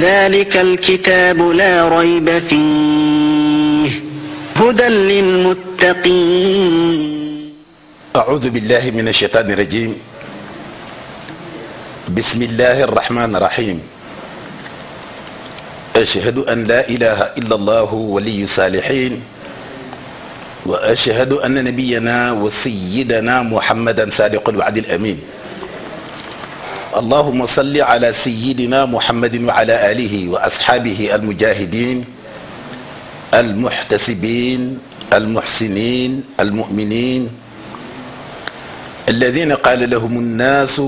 ذلك الكتاب لا ريب فيه هدى للمتقين أعوذ بالله من الشيطان الرجيم بسم الله الرحمن الرحيم أشهد أن لا إله إلا الله ولي الصالحين وأشهد أن نبينا وسيدنا محمدا صادق الوعد الأمين اللهم صل على سيدنا محمد وعلى آله وأصحابه المجاهدين المحتسبين المحسنين المؤمنين الذين قال لهم الناس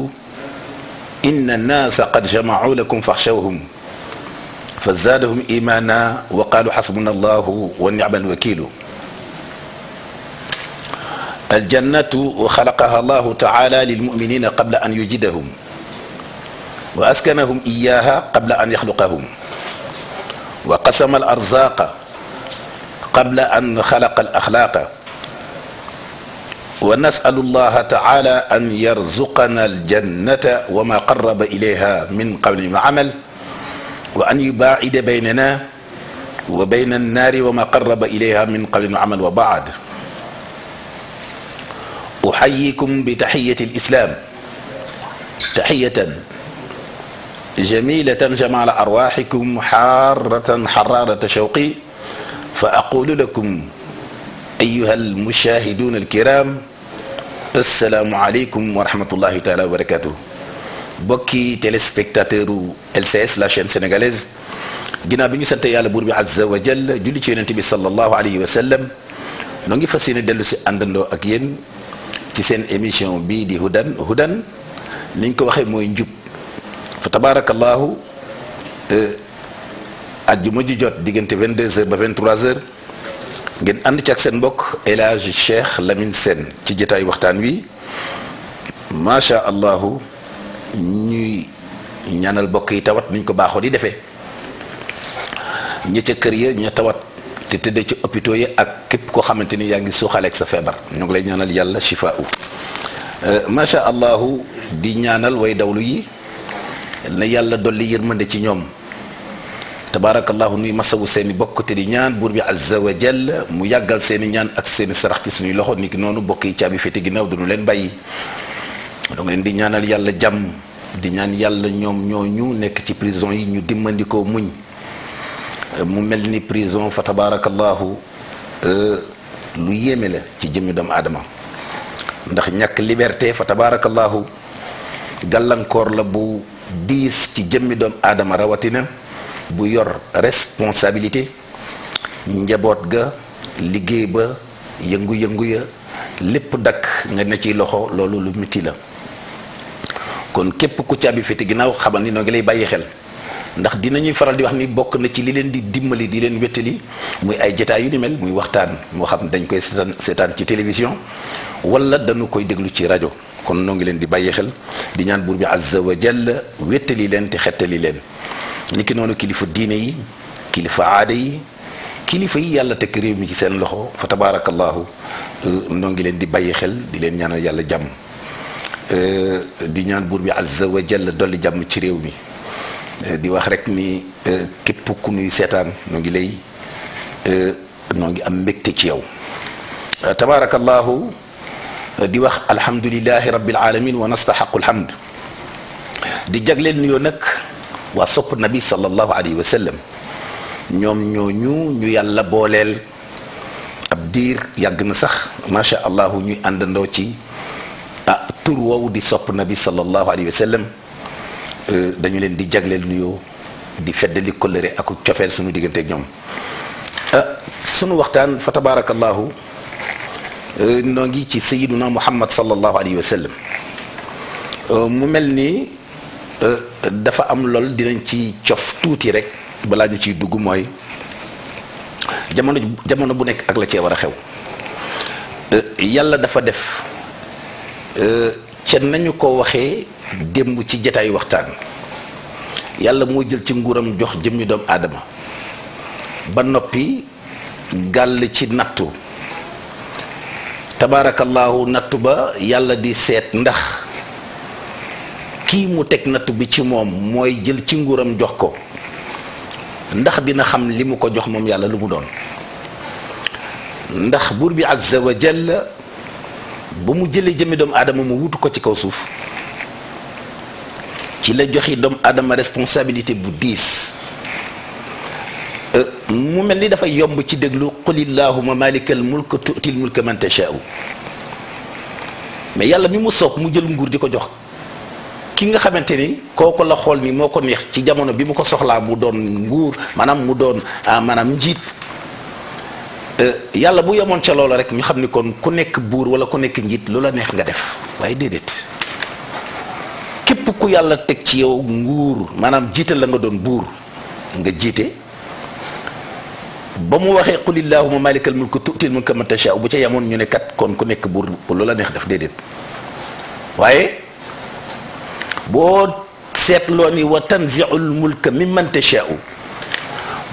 إن الناس قد جمعوا لكم فاخشوهم فزادهم إيمانا وقالوا حسبنا الله ونعم الوكيل الجنة وخلقها الله تعالى للمؤمنين قبل أن يجدهم وأسكنهم إياها قبل أن يخلقهم وقسم الأرزاق قبل أن خلق الأخلاق ونسأل الله تعالى أن يرزقنا الجنة وما قرب إليها من قول وعمل وأن يباعد بيننا وبين النار وما قرب إليها من قول وعمل وبعد أحييكم بتحية الإسلام تحية جميلة جمال أرواحكم حارة حرارة شوقي فأقول لكم أيها المشاهدون الكرام السلام عليكم ورحمة الله تعالى وبركاته بكي تلسبكتاتر LCS لاشين سنغاليز جنا بني سنتي على بوربي عز وجل جل تنتبي صلى الله عليه وسلم نونغي فاسين دلو سي اندندو اك يين سين ايميشن بي دي هدان هدان نينكو واخي موي نجوب fa tabaarakallaahu ajjuma ji jot diggante 22h ba 23h ngeen ànd ci ak seen mbokk El Hadj Cheikh Lamine Sène ci jotaay waxtaan wi macha allahu ñuy ñaanal mbokk yi tawat nuñ ko baaxoo di defee ñi ca kër ya ña tawat te tëddee ci hôpitaux yi ak képp koo xamante ni yaa ngi suuxale ak sa feebar ñu ngi lay ñaanal yàlla shifaa u macha allahu di ñaanal way dawlu yi. yal na yàlla dolli yërmande ci ñoom tabaarakallahu nuy masawu seeni bokk te di ñaan buur bi azza jal mu yàggal seeni ñaan ak seeni sarax ci suñuy loxo niki noonu bokk yi caabi féete ginnaaw du ñu leen bàyyi donc leen di ñaanal yàlla jàmm di ñaan yàlla ñoom ñooñu nekk ci prison yi ñu dimandikoo muñ mu mel ni prison fa tabaarakallahu euh, lu yéeme la ci jëmmi doomu aadama ndax ñàkk liberté fa tabaarakallahu gàllankoor la bu diis ci jëmmi doom aadama rawatina bu yor responsabilité njaboot ga liggéey ba yëngu-yëngu ya lépp dakk nga ne ci loxo loolu lu miti la kon képp ku caabi fiti ginnaaw xamal ni noo ngi lay bàyyi xel ndax dinañuy faral di wax ni bokk na ci li leen di dimbali di leen wéttali muy ay jataay yu ni mel muy waxtaan moo xam dañ koy seetaan seetaan ci télévision wala dañu koy déglu ci rajo kon noo ngi leen di bàyyi xel di ñaan buur bi azza wa jalla wéttali leen te xettali leen niki noonu kilifa diine yi kilifa aada yi kilifa yi yàlla tekk réew mi ci seen loxo fa tabaarakallaahu euh, noo ngi leen di bàyyi xel di leen ñaanal yàlla jàmm euh, di ñaan buur bi azza wa jalla dolli jàmm ci réew mi euh, di wax rek ni képp ku nuy seetaan noo ngi lay noo am mbégte ci yow tabaarakallaahu di wax alhamdulilahi rabbil alamin wa nastahiqu alhamd di jagleel nuyo nak wa sopp nabi sallallahu alayhi wa sallam ñom ñooñu ñu yàlla bolel ab dir yag na sax sha allah ñuy andando ci ah tur di sopp nabi sallallahu alayhi wa sallam dañu len di jagleel nuyo di feddali kollëre ak ciofel suñu digganteeg ñoom sunu waxtan fa tabaarakallahu Euh, noo ngi ci sayiduna muhammad sallallahu alayhi wa sallam euh, mu mel ni euh, dafa am lool dinañ ci cof tuuti rek balaa ñu ciy dugg mooy jamono jamono bu nekk ak la cee war a xew yàlla dafa def ca nañu ko waxee démb ci jataayu waxtaan yàlla moo jël ci nguuram jox jëmmi doomu aadama ba noppi gàll ci nattu tabaarakallaahu nattu ba yàlla di seet ndax kii mu teg nattu bi ci moom mooy jël ci nguuram jox ko ndax dina xam li mu ko jox moom yàlla lu mu doon ndax buur bi azza wa jalla ba mu jëlee jëmmi doomu aadama mu wutu ko ci kaw suuf ci la joxi doomu aadama responsabilité bu diis mu melni dafa yomb ci déglu qul illahuma malikal mulk tu'til mulka man tasha'u mais yàlla mi mu sok mu jël nguur diko jox ki nga xamanteni koko la xol ni moko neex ci jamono bi mu ko soxla mu don nguur manam mu doon maanaam njiit yàlla bu yomon ci lolo rek mi xamni kon ku nek buur wala ku nek njit lula neex nga def way dedet kep ku yàlla tek ci yow nguur manam jite la nga don buur nga jite bamu waxe waxee qul illahuma malikal mulk tu'ti al mulka man tasha'u bu ca yamone ñu ne kat kon ku nekk bur lu la neex def déedéet waaye boo seetloo ni wa tanzi'u al mulka mimman tasha'u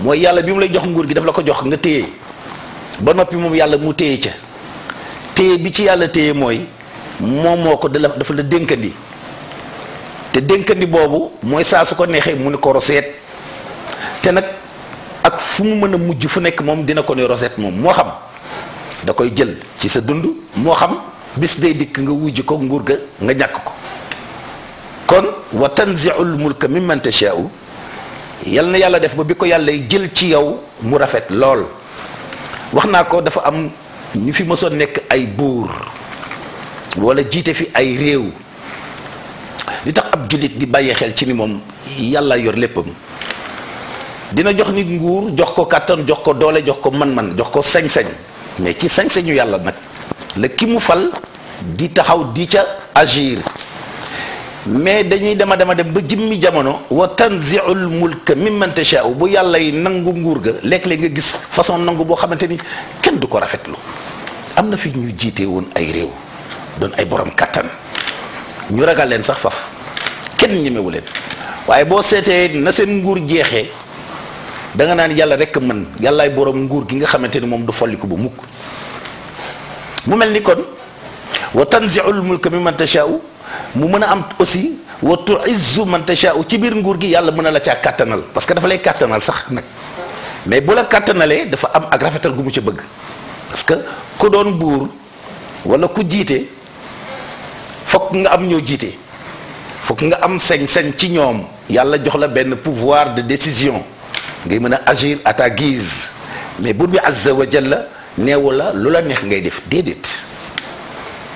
moy yàlla bimu lay jox nguur gi daf la ko jox nga téye ba nopi mom yàlla mu téye ca téye bi ci yàlla téye moy moom moo dafa la dénkandi te dénkandi bobu moy sa su ko nexe mu ni ko roset te nak ak fu mu mën a mujj fu nekk moom dina ko ne rosette moom moo xam da koy jël ci sa dund moo xam bis day dikk nga wujj ko nguur ga nga ñàkk ko kon wa tanziul mulka mimman tashau yal na yàlla def ba bi ko yàlla jël ci yow mu rafet lool wax naa ko dafa am ñu fi mësoon nekk ay buur walla jiite fi ay réew li tax ab jullit di bàyyee xel ci ni moom yàlla yor léppam dina jox nit nguur jox ko kàttan jox ko doole jox ko man-man jox ko sañ-sañ mais ci sañ-sañu yàlla nag la ki mu fal di taxaw di ca agir mais dañuy dema dema dem ba jëmmi jamono wa tanziul mulka mimman tashaa'u bu yàlla yi nangu nguur ga lekk léeg nga gis façon nangu boo xamante ni kenn du ko rafetlu am na fi ñu jiite woon ay réew doon ay boroom kàttan ñu ragal leen sax faf kenn ñemewu leen waaye boo seetee na seen nguur jeexee da nga naan yàlla rek a mën yàllaay boroom nguur gi nga xamante ni moom du folliku bu mukk mu mel ni kon wa tanziul mulka mimman tashaa'u mu mën a am aussi wa tu'izzu man tashaa'u ci biir nguur gi yàlla mën a la caa kàttanal parce que dafa lay kàttanal sax nag mais bu la kàttanalee dafa am ak rafetal gu mu ca bëgg parce que ku doon buur wala ku jiite fokk nga am ñoo jiite fokk nga am sañ-sañ ci ñoom yàlla jox la benn pouvoir de décision ngay mën a agir à ta guise mais buur bi azza wa jalla neewu la lu la neex ngay def déedéet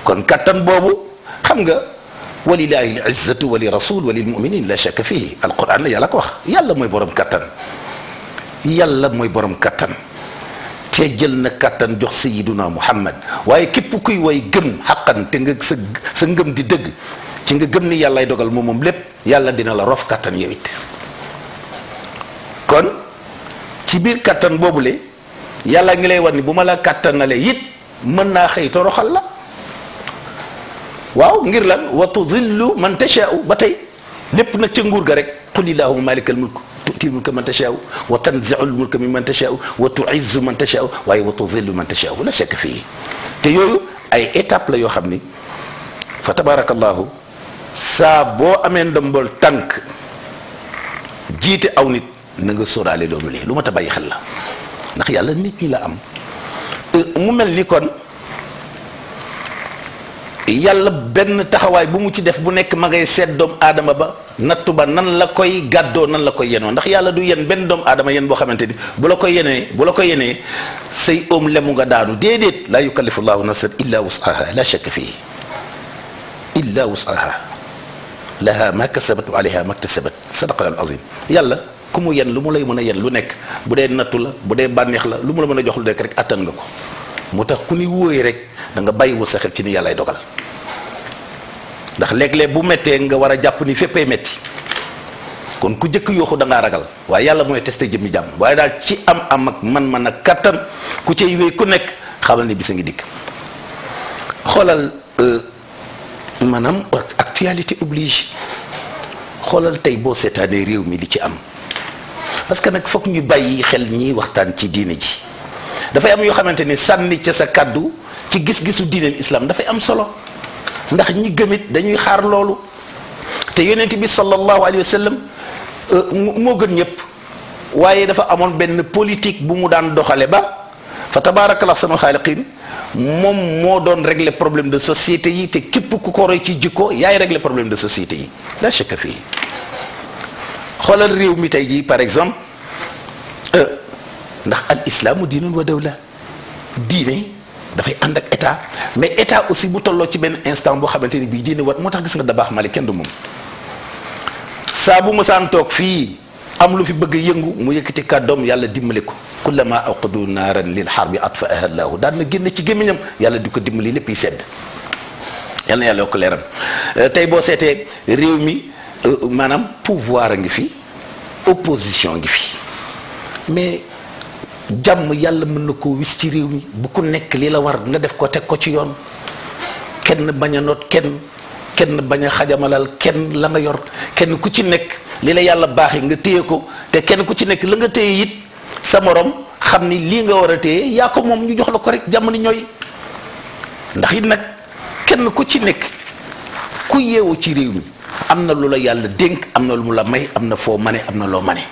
kon kattan boobu xam nga walillahi al izzatu wa li rasul wa lil muminin la shakka fihi alquran la yàlla ko wax yàlla mooy borom kattan yàlla mooy borom kattan te jël na kattan jox sayiduna muhammad waaye képp kuy way gëm xaqan te nga sa sa ngëm di dëgg ci nga gëm ni yàllaay dogal moom moom lépp yàlla dina la rof kattan yow it kon ci biir kattan boobule yàlla ngi lay wan ni bu ma la kattanalee it mën naa xëy toroxal la waaw ngir lan wa tudillu man tashaau ba tey lépp nag ca nguur ga rek qul illahuma malikal mulk tuutil mulka man tashaau wa tanziul mulka mi man tashaau wa tuizzu man tashaau waaye wa tudillu man tashaau la shakka fii te yooyu ay étape la yoo xam ni fa tabarakallahu saa boo amee ndombol tànk jiite aw nit na nga sóoraale doomu lee luma ta baye xel la ndax yàlla nit ñi la am mu melni kon yàlla ben taxaway bu mu ci def bu nek ma ngay seet doomu aadama ba natuba nan la koy gaddo nan la koy yeno ndax yàlla du yen ben doomu adama yen bo xamanteni bu la koy yene bu la koy yene sey om lemu nga daanu dedet la yukallifu allah nafsan illa wusaha la shakka fi illa wusaha laha ma kasabat wa alayha ma ktasabat sadaqa al azim yàlla kumu mu yen lu mu lay mën a yen lu nekk bu dee nattu la bu dee bànneex la lu mu la mën a jox lu nekk rek attan nga ko moo ku ni wóoy rek da nga bàyyiwul sa xel ci ni yàllaay dogal ndax léeg-léeg bu mettee nga war a ni féppay metti kon ku jëkk yooxu da ngaa ragal waaye testé ci am am ak man man ak kattan ku cay wéy ku nekk xamal ni bisa ngi dikk xoolal euh, maanaam actualité oblige xoolal tey boo seetaanee réew mi li ci am parce que nag foog ñu bàyyi xel ñiy waxtaan ci diine ji dafay am yoo xamante ni sànni ca sa kàddu ci gis-gisu diineem islam dafay am solo ndax ñi gëmit dañuy xaar loolu te yonent bi sallallahu alayhi wa sallam euh, moo gën ñëpp waaye dafa amoon benn politique bu mu daan doxale ba fa tabaarakallaahu ahsanul xaaliqiin moom moo doon régler problème de société yi te képp ku ko roy ci jikko yaay régler problème de société yi la shakka fii xoolal réew mi tey jii par exemple ndax al islaamu diinun wa dawla diine dafay ànd ak état mais état aussi bu tolloo ci benn instant boo xamante ni bii diine wat moo tax gis nga da baax mali kenn du moom saa bu masaan toog fii am lu fi bëgg yëngu mu yëkkati kàddoom yàlla dimbali ko kullama awqadu naaran lil xarbi atfaaha allahu daan na génn ci gémmiñam yàlla di ko dimbali lépp yi sedd yal na yàlla yokk leeram tey boo seetee réew mi Euh, Madame pouvoir ngi fi opposition ngi fi mais les yalla mën na wis ci mi bu la war nga def ko tek ko ci yoon kenn baña a kenn kenn baña xajamalal kenn la nga yor kenn ku ci nek li la nga ko te kenn ku ci nek la nga sa morom xamni li nga ni ndax it ku yeewu ci réew mi am na lu yàlla dénk am na lu mu la may am na foo mane am na loo mane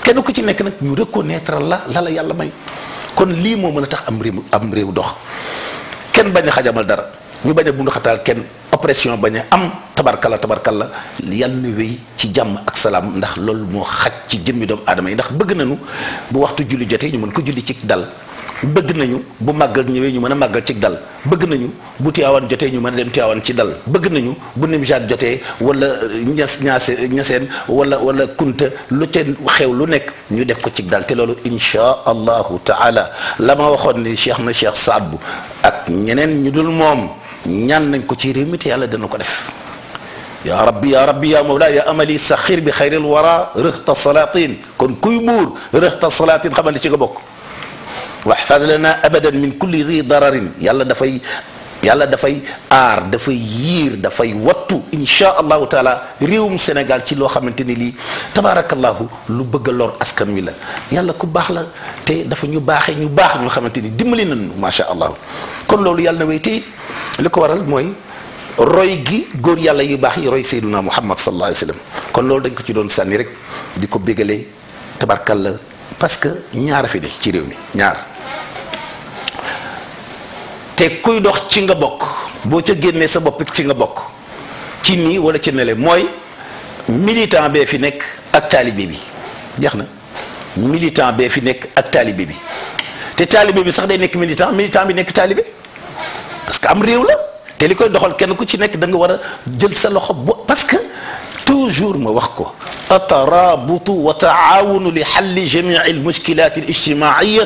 kenn ku ci nekk nag ñu reconnaître la la la yàlla may kon lii moo mën a tax am réew am réew dox kenn bañ a xajamal dara ñu bañ a bundu kenn oppression bañ a am tabarkal la yàlla na wéy ci jàmm ak salaam ndax loolu moo xaj ci jën mi doomu aadama yi ndax bëgg nañu bu waxtu julli jotee ñu mën ko julli ci dal bëgg nañu bu màggal ñëwee ñu mën a màggal ci dal bëgg nañu bu Tiwaawan jotee ñu mën a dem Tiwaawan ci dal bëgg nañu bu Nimjaat jotee wala ñas ñaase ñaseen wala wala kunta lu ca xew lu nekk ñu def ko ci dal te loolu inchaa allahu taala la ma waxoon ni cheikh na cheikh Saad Bou ak ñeneen ñu dul moom ñaan nañ ko ci réew mi te yàlla dana ko def yaa rabbi yaa rabbi yaa mawla yaa amali saxir bi xayril wara rëxta salaatin kon kuy buur rëxta salaatin xamal ci nga bokk واحفظ لنا ابدا من كل ذي ضرر يلا دا فاي يلا دا فاي ار دا فاي يير دا فاي واتو ان شاء الله تعالى ريوم سنغال شي لو خامتيني لي تبارك الله لو بغ لور اسكان وي لا يلا كو باخ لا تي دا فا نيو باخي نيو باخ لو خامتيني ديملي نان ما شاء الله كون لولو يالنا وي تي لكو وارال موي روي غي غور يالا يو باخ روي سيدنا محمد صلى الله عليه وسلم كون لول دنج كي دون ساني ريك ديكو بيغالي تبارك الله parce que ñaar fi de ci réew mi ñaar te kuy dox ci nga bokk boo ca génnee sa bopp ci nga bokk ci nii wala ci nele mooy militant bee fi nekk ak taalibe bi jeex na militant bee fi nekk ak taalibe bi te taalibe bi sax day nekk militant militant bi nekk taalibe parce que am réew la te li koy doxal kenn ku ci nekk da war a jël sa loxo bo parce que توجور ما وخكو الترابط وتعاون لحل جميع المشكلات الاجتماعية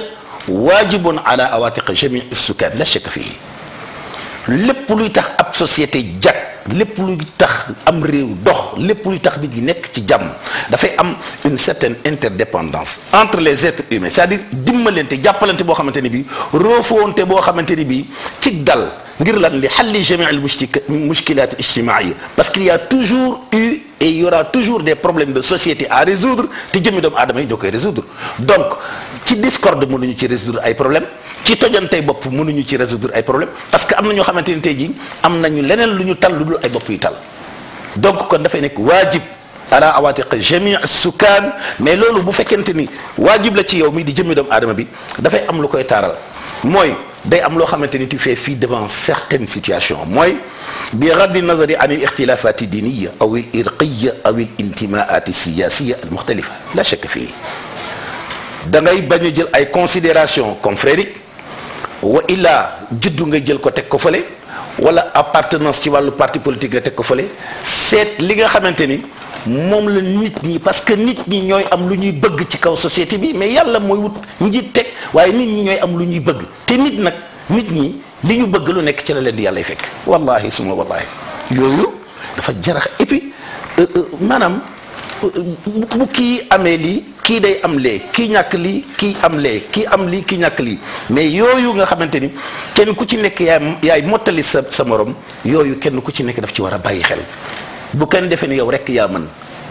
واجب على أواتق جميع السكان لا شك فيه لب تخ أب سوسيتي جاك لب تخ أم ريو دخ لب تخ دي نك تجام دا في أم une certaine انتر entre les êtres humains c'est à انت dimmelente jappelente بو خامنتيني بي رفونت بو خامنتيني بي تجدال غير لان لحل جميع المشكلات الاجتماعية بس كليا توجور et il y aura toujours des problèmes de société à résoudre te jëmmi doomu aadama yi ñoo résoudre donc ci discorde mënuñu ci résoudre ay problème ci tojantey bopp mënuñu ci résoudre ay problème parce que am na ñoo xamante ni tey jii am nañu leneen lu tal lu dul ay bopp yu tal donc kon dafay nekk waajib ala awatiq jamii sukan mais loolu bu fekkente ni waajib la ci yow mi di jëmmi doomu aadama bi fay am lu koy taral moy day am lo xamanteni tu fais fi devant certaines situations moy bi raddi nazari an al ixtilafat diniyya aw al irqiyya aw al intimaat siyasiyya al mukhtalifa la shak fi da ngay bañu jël ay considérations comme frédéric wa illa jiddu nga jël ko tek ko fële wala appartenance ci walu parti politique nga teg ko fële seet li nga xamanteni moom la nit ñi parce que nit ñi ñooy am lu ñuy bëgg ci kaw société bi mais yàlla mooy wut njiit teg waaye nit ñi ñooy am lu ñuy bëgg te nit nag nit ñi li ñu bëgg lu nekk ci la leen di yàlla fekk wallahi suma wallahi yooyu dafa jarax et puis euh, euh, maanaam euh, amee lii kii day am lee kii ñàkk lii kii am lee kii am lii kii ñàkk lii mais yooyu nga xamante ni kenn ku ci nekk yaay yaay mottali sa sa morom yooyu kenn ku ci nekk daf ci war a bàyyi xel bu kenn defe ni yow rek yaa mën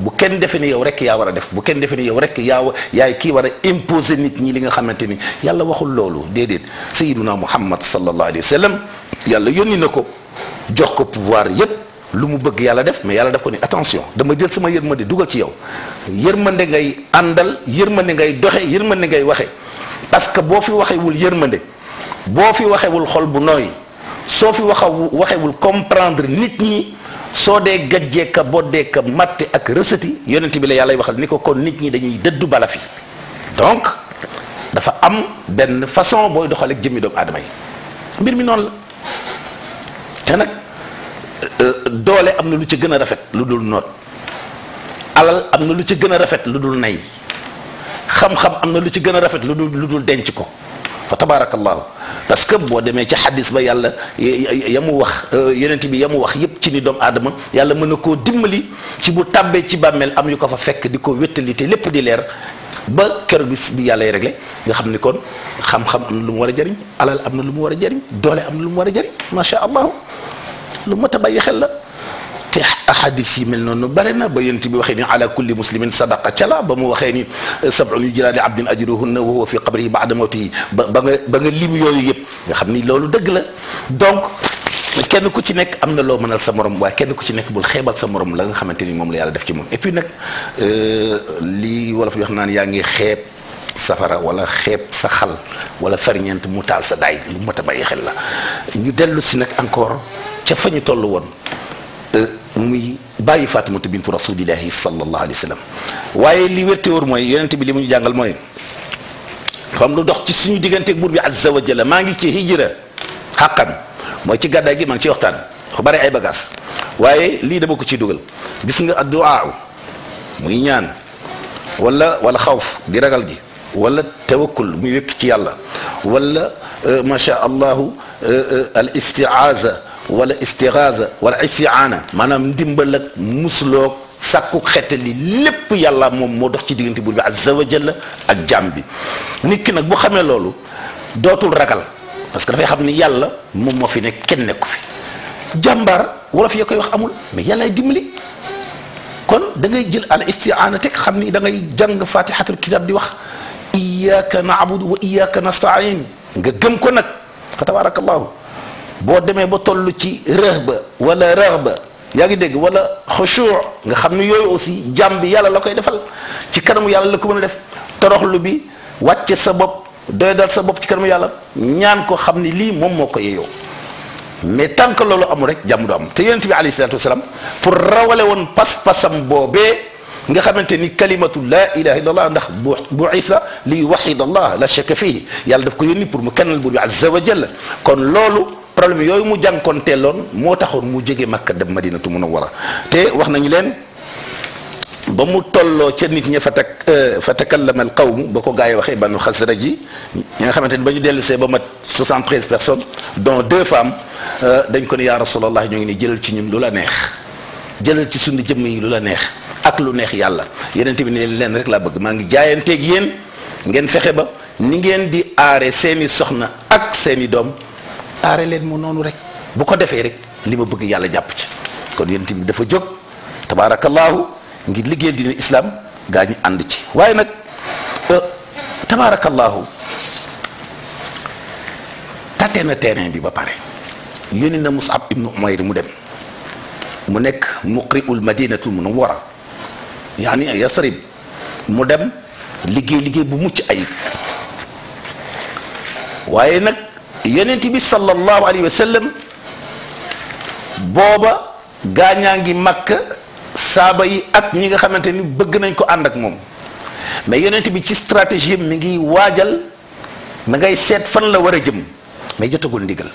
bu kenn defe ni yow rek yaa war a def bu kenn defe ni yow rek yaa yaay kii war a imposer nit ñi li nga xamante ni yàlla waxul loolu déedéet sayyiduna muhammad sallallahu alayhi wa sallam yàlla yónni na ko jox ko pouvoir yépp lu mu bëgg yàlla def mais yàlla def ko ni attention dama jël sama yërmande dugal ci yow yërmande ngay àndal yërmande ngay doxe yërmande ngay waxe parce que boo fi waxewul yërmande boo fi waxewul xol bu nooy soo fi waxa waxewul comprendre nit ñi soodee gajjee ka boddee ka matte ak rësëti yonent bi la yàlla waxal ni ko ko nit ñi dañuy dëddu bala fi donc dafa am benn façon booy doxal ak jëmmi doomu aadama yi mbir mi noonu la te nag euh, doole am na lu ci gën a rafet lu dul noot alal am na lu ci gën a rafet lu dul nay xam am na lu ci gën a rafet lu lu dul denc ko فتبارك الله بس بو ديمي تي حديث با يالا يامو واخ يونتي بي يامو واخ ييب تي ني دوم ادم يالا منكو ديملي تي بو تابي تي بامل ام يوكو فا فك ديكو ويتاليتي ليپ دي لير با كيرو بيس بي يالا ريغلي غا خامني كون خام خام امنا لوم ورا جاريغ علال امنا لوم ورا جاريغ دولي امنا لوم ورا جاريغ ما شاء الله لو متا باي احاديث مل نون بارنا با ينتبي وخيني على كل مسلم صدقه تلا بامو وخيني سبعون جلال عبد اجرهن وهو في قبره بعد موته باغا ليم يوي ييب غا خامني لولو دغ لا دونك كين كوتي نيك امنا لو منال سا موروم واي كين كوتي نيك بول خيبال سا موروم لاغا خامتيني موم لا يالا داف سي موم اي بي نك لي ولاف يخ نان ياغي خيب safara wala xeb sa xal wala farñent mutal sa day lu mata baye xel la ñu delu ci nak encore ci fañu tollu won muy baye fatimatu bint rasulillah sallallahu alayhi wasallam waye li werte wor moy yenente bi li jàngal moy xam lu dox ci suñu ak bur bi azza wa jalla ma ngi ci hijra haqqan mooy ci gadda gi ma ngi ci waxtan ko bari ay bagas waye li dama ko ci duggal gis nga addu'a muy ñaan wala wala khawf di ragal gi wala tawakkul muy wékk ci yàlla wala ma sha allah al istiaza ولا استغاز ولا استعانة مانام ديمبلك مسلوك ساكو خيتلي لب يالا موم مو دوخ سي ديغنتي بور بي عز وجل اك جامبي نيت كي نك بو لولو دوتول راغال باسكو دا فاي خامني يالا موم مو في نك كين جامبار ولا في يكاي واخ امول مي يالا ديملي كون دا جيل على استعانتك خامني دا ngay جانغ فاتحه الكتاب دي واخ اياك نعبد واياك نستعين nga gem ko nak tabarak boo demee ba toll ci rëx ba wala rëx ba yaa ngi dégg wala xushuur nga xam ne yooyu aussi jàmm bi yàlla la koy defal ci kanamu yàlla la ko mën a def toroxlu bi wàcce sa bopp doy dal sa bopp ci kanamu yàlla ñaan ko xam ni lii moom moo ko yeyoo mais tant que loolu amul rek jàmm du am te yonent bi alayhi salaatu wasalaam pour rawale woon pas-pasam boobee nga xamante ni kalimatu la ilaha illa allah ndax bu buisa li yuwaxid allah la shakka fii yàlla daf ko yónni pour mu kennal bur bi azza wa jalla kon loolu problème yooyu mu jànkoonteeloon moo taxoon mu jóge Makka dem Madinatu Munawwara te wax nañu leen ba mu tolloo ca nit ña fa tak euh, fa takallama al qawm ba ko gaa yi waxee banu xasraj yi ñi nga xamante ni ba ñu dellusee ba mat 73 personnes dont deux femmes euh, dañ ko ne yaa rasulallah ñoo ngi ni jëlal ci ñun lu la neex jëlal ci sunu jëmm yi lu la neex ak lu neex yàlla yeneen tamit ne leen rek laa bëgg maa ngi jaayanteeg yéen ngeen fexe ba ni ngeen di aare seeni soxna ak seeni doom aare leen mu noonu rek bu ko defee rek li ma bëgg yàlla jàpp ci kon yonent bi dafa jóg tabaarakallaahu ngir liggéeyal dina islaam gaa ñu ànd ci waaye nag euh, tabaarakallaahu tate na terrain bi ba pare yónni na Mus'ab ibnu Umayr mu dem mu nekk muqriul madinatul munawwara yaani yasrib mu dem liggéey liggéey bu mucc ay waaye nag yonent bi sallallahu alayhi wa sallam booba gaañaa ngi màkk saaba yi ak ñi nga xamante ni bëgg nañ ko ànd ak moom mais yonent bi ci stratégie mi ngi waajal ma ngay seet fan la war a jëm mais jotagul ndigal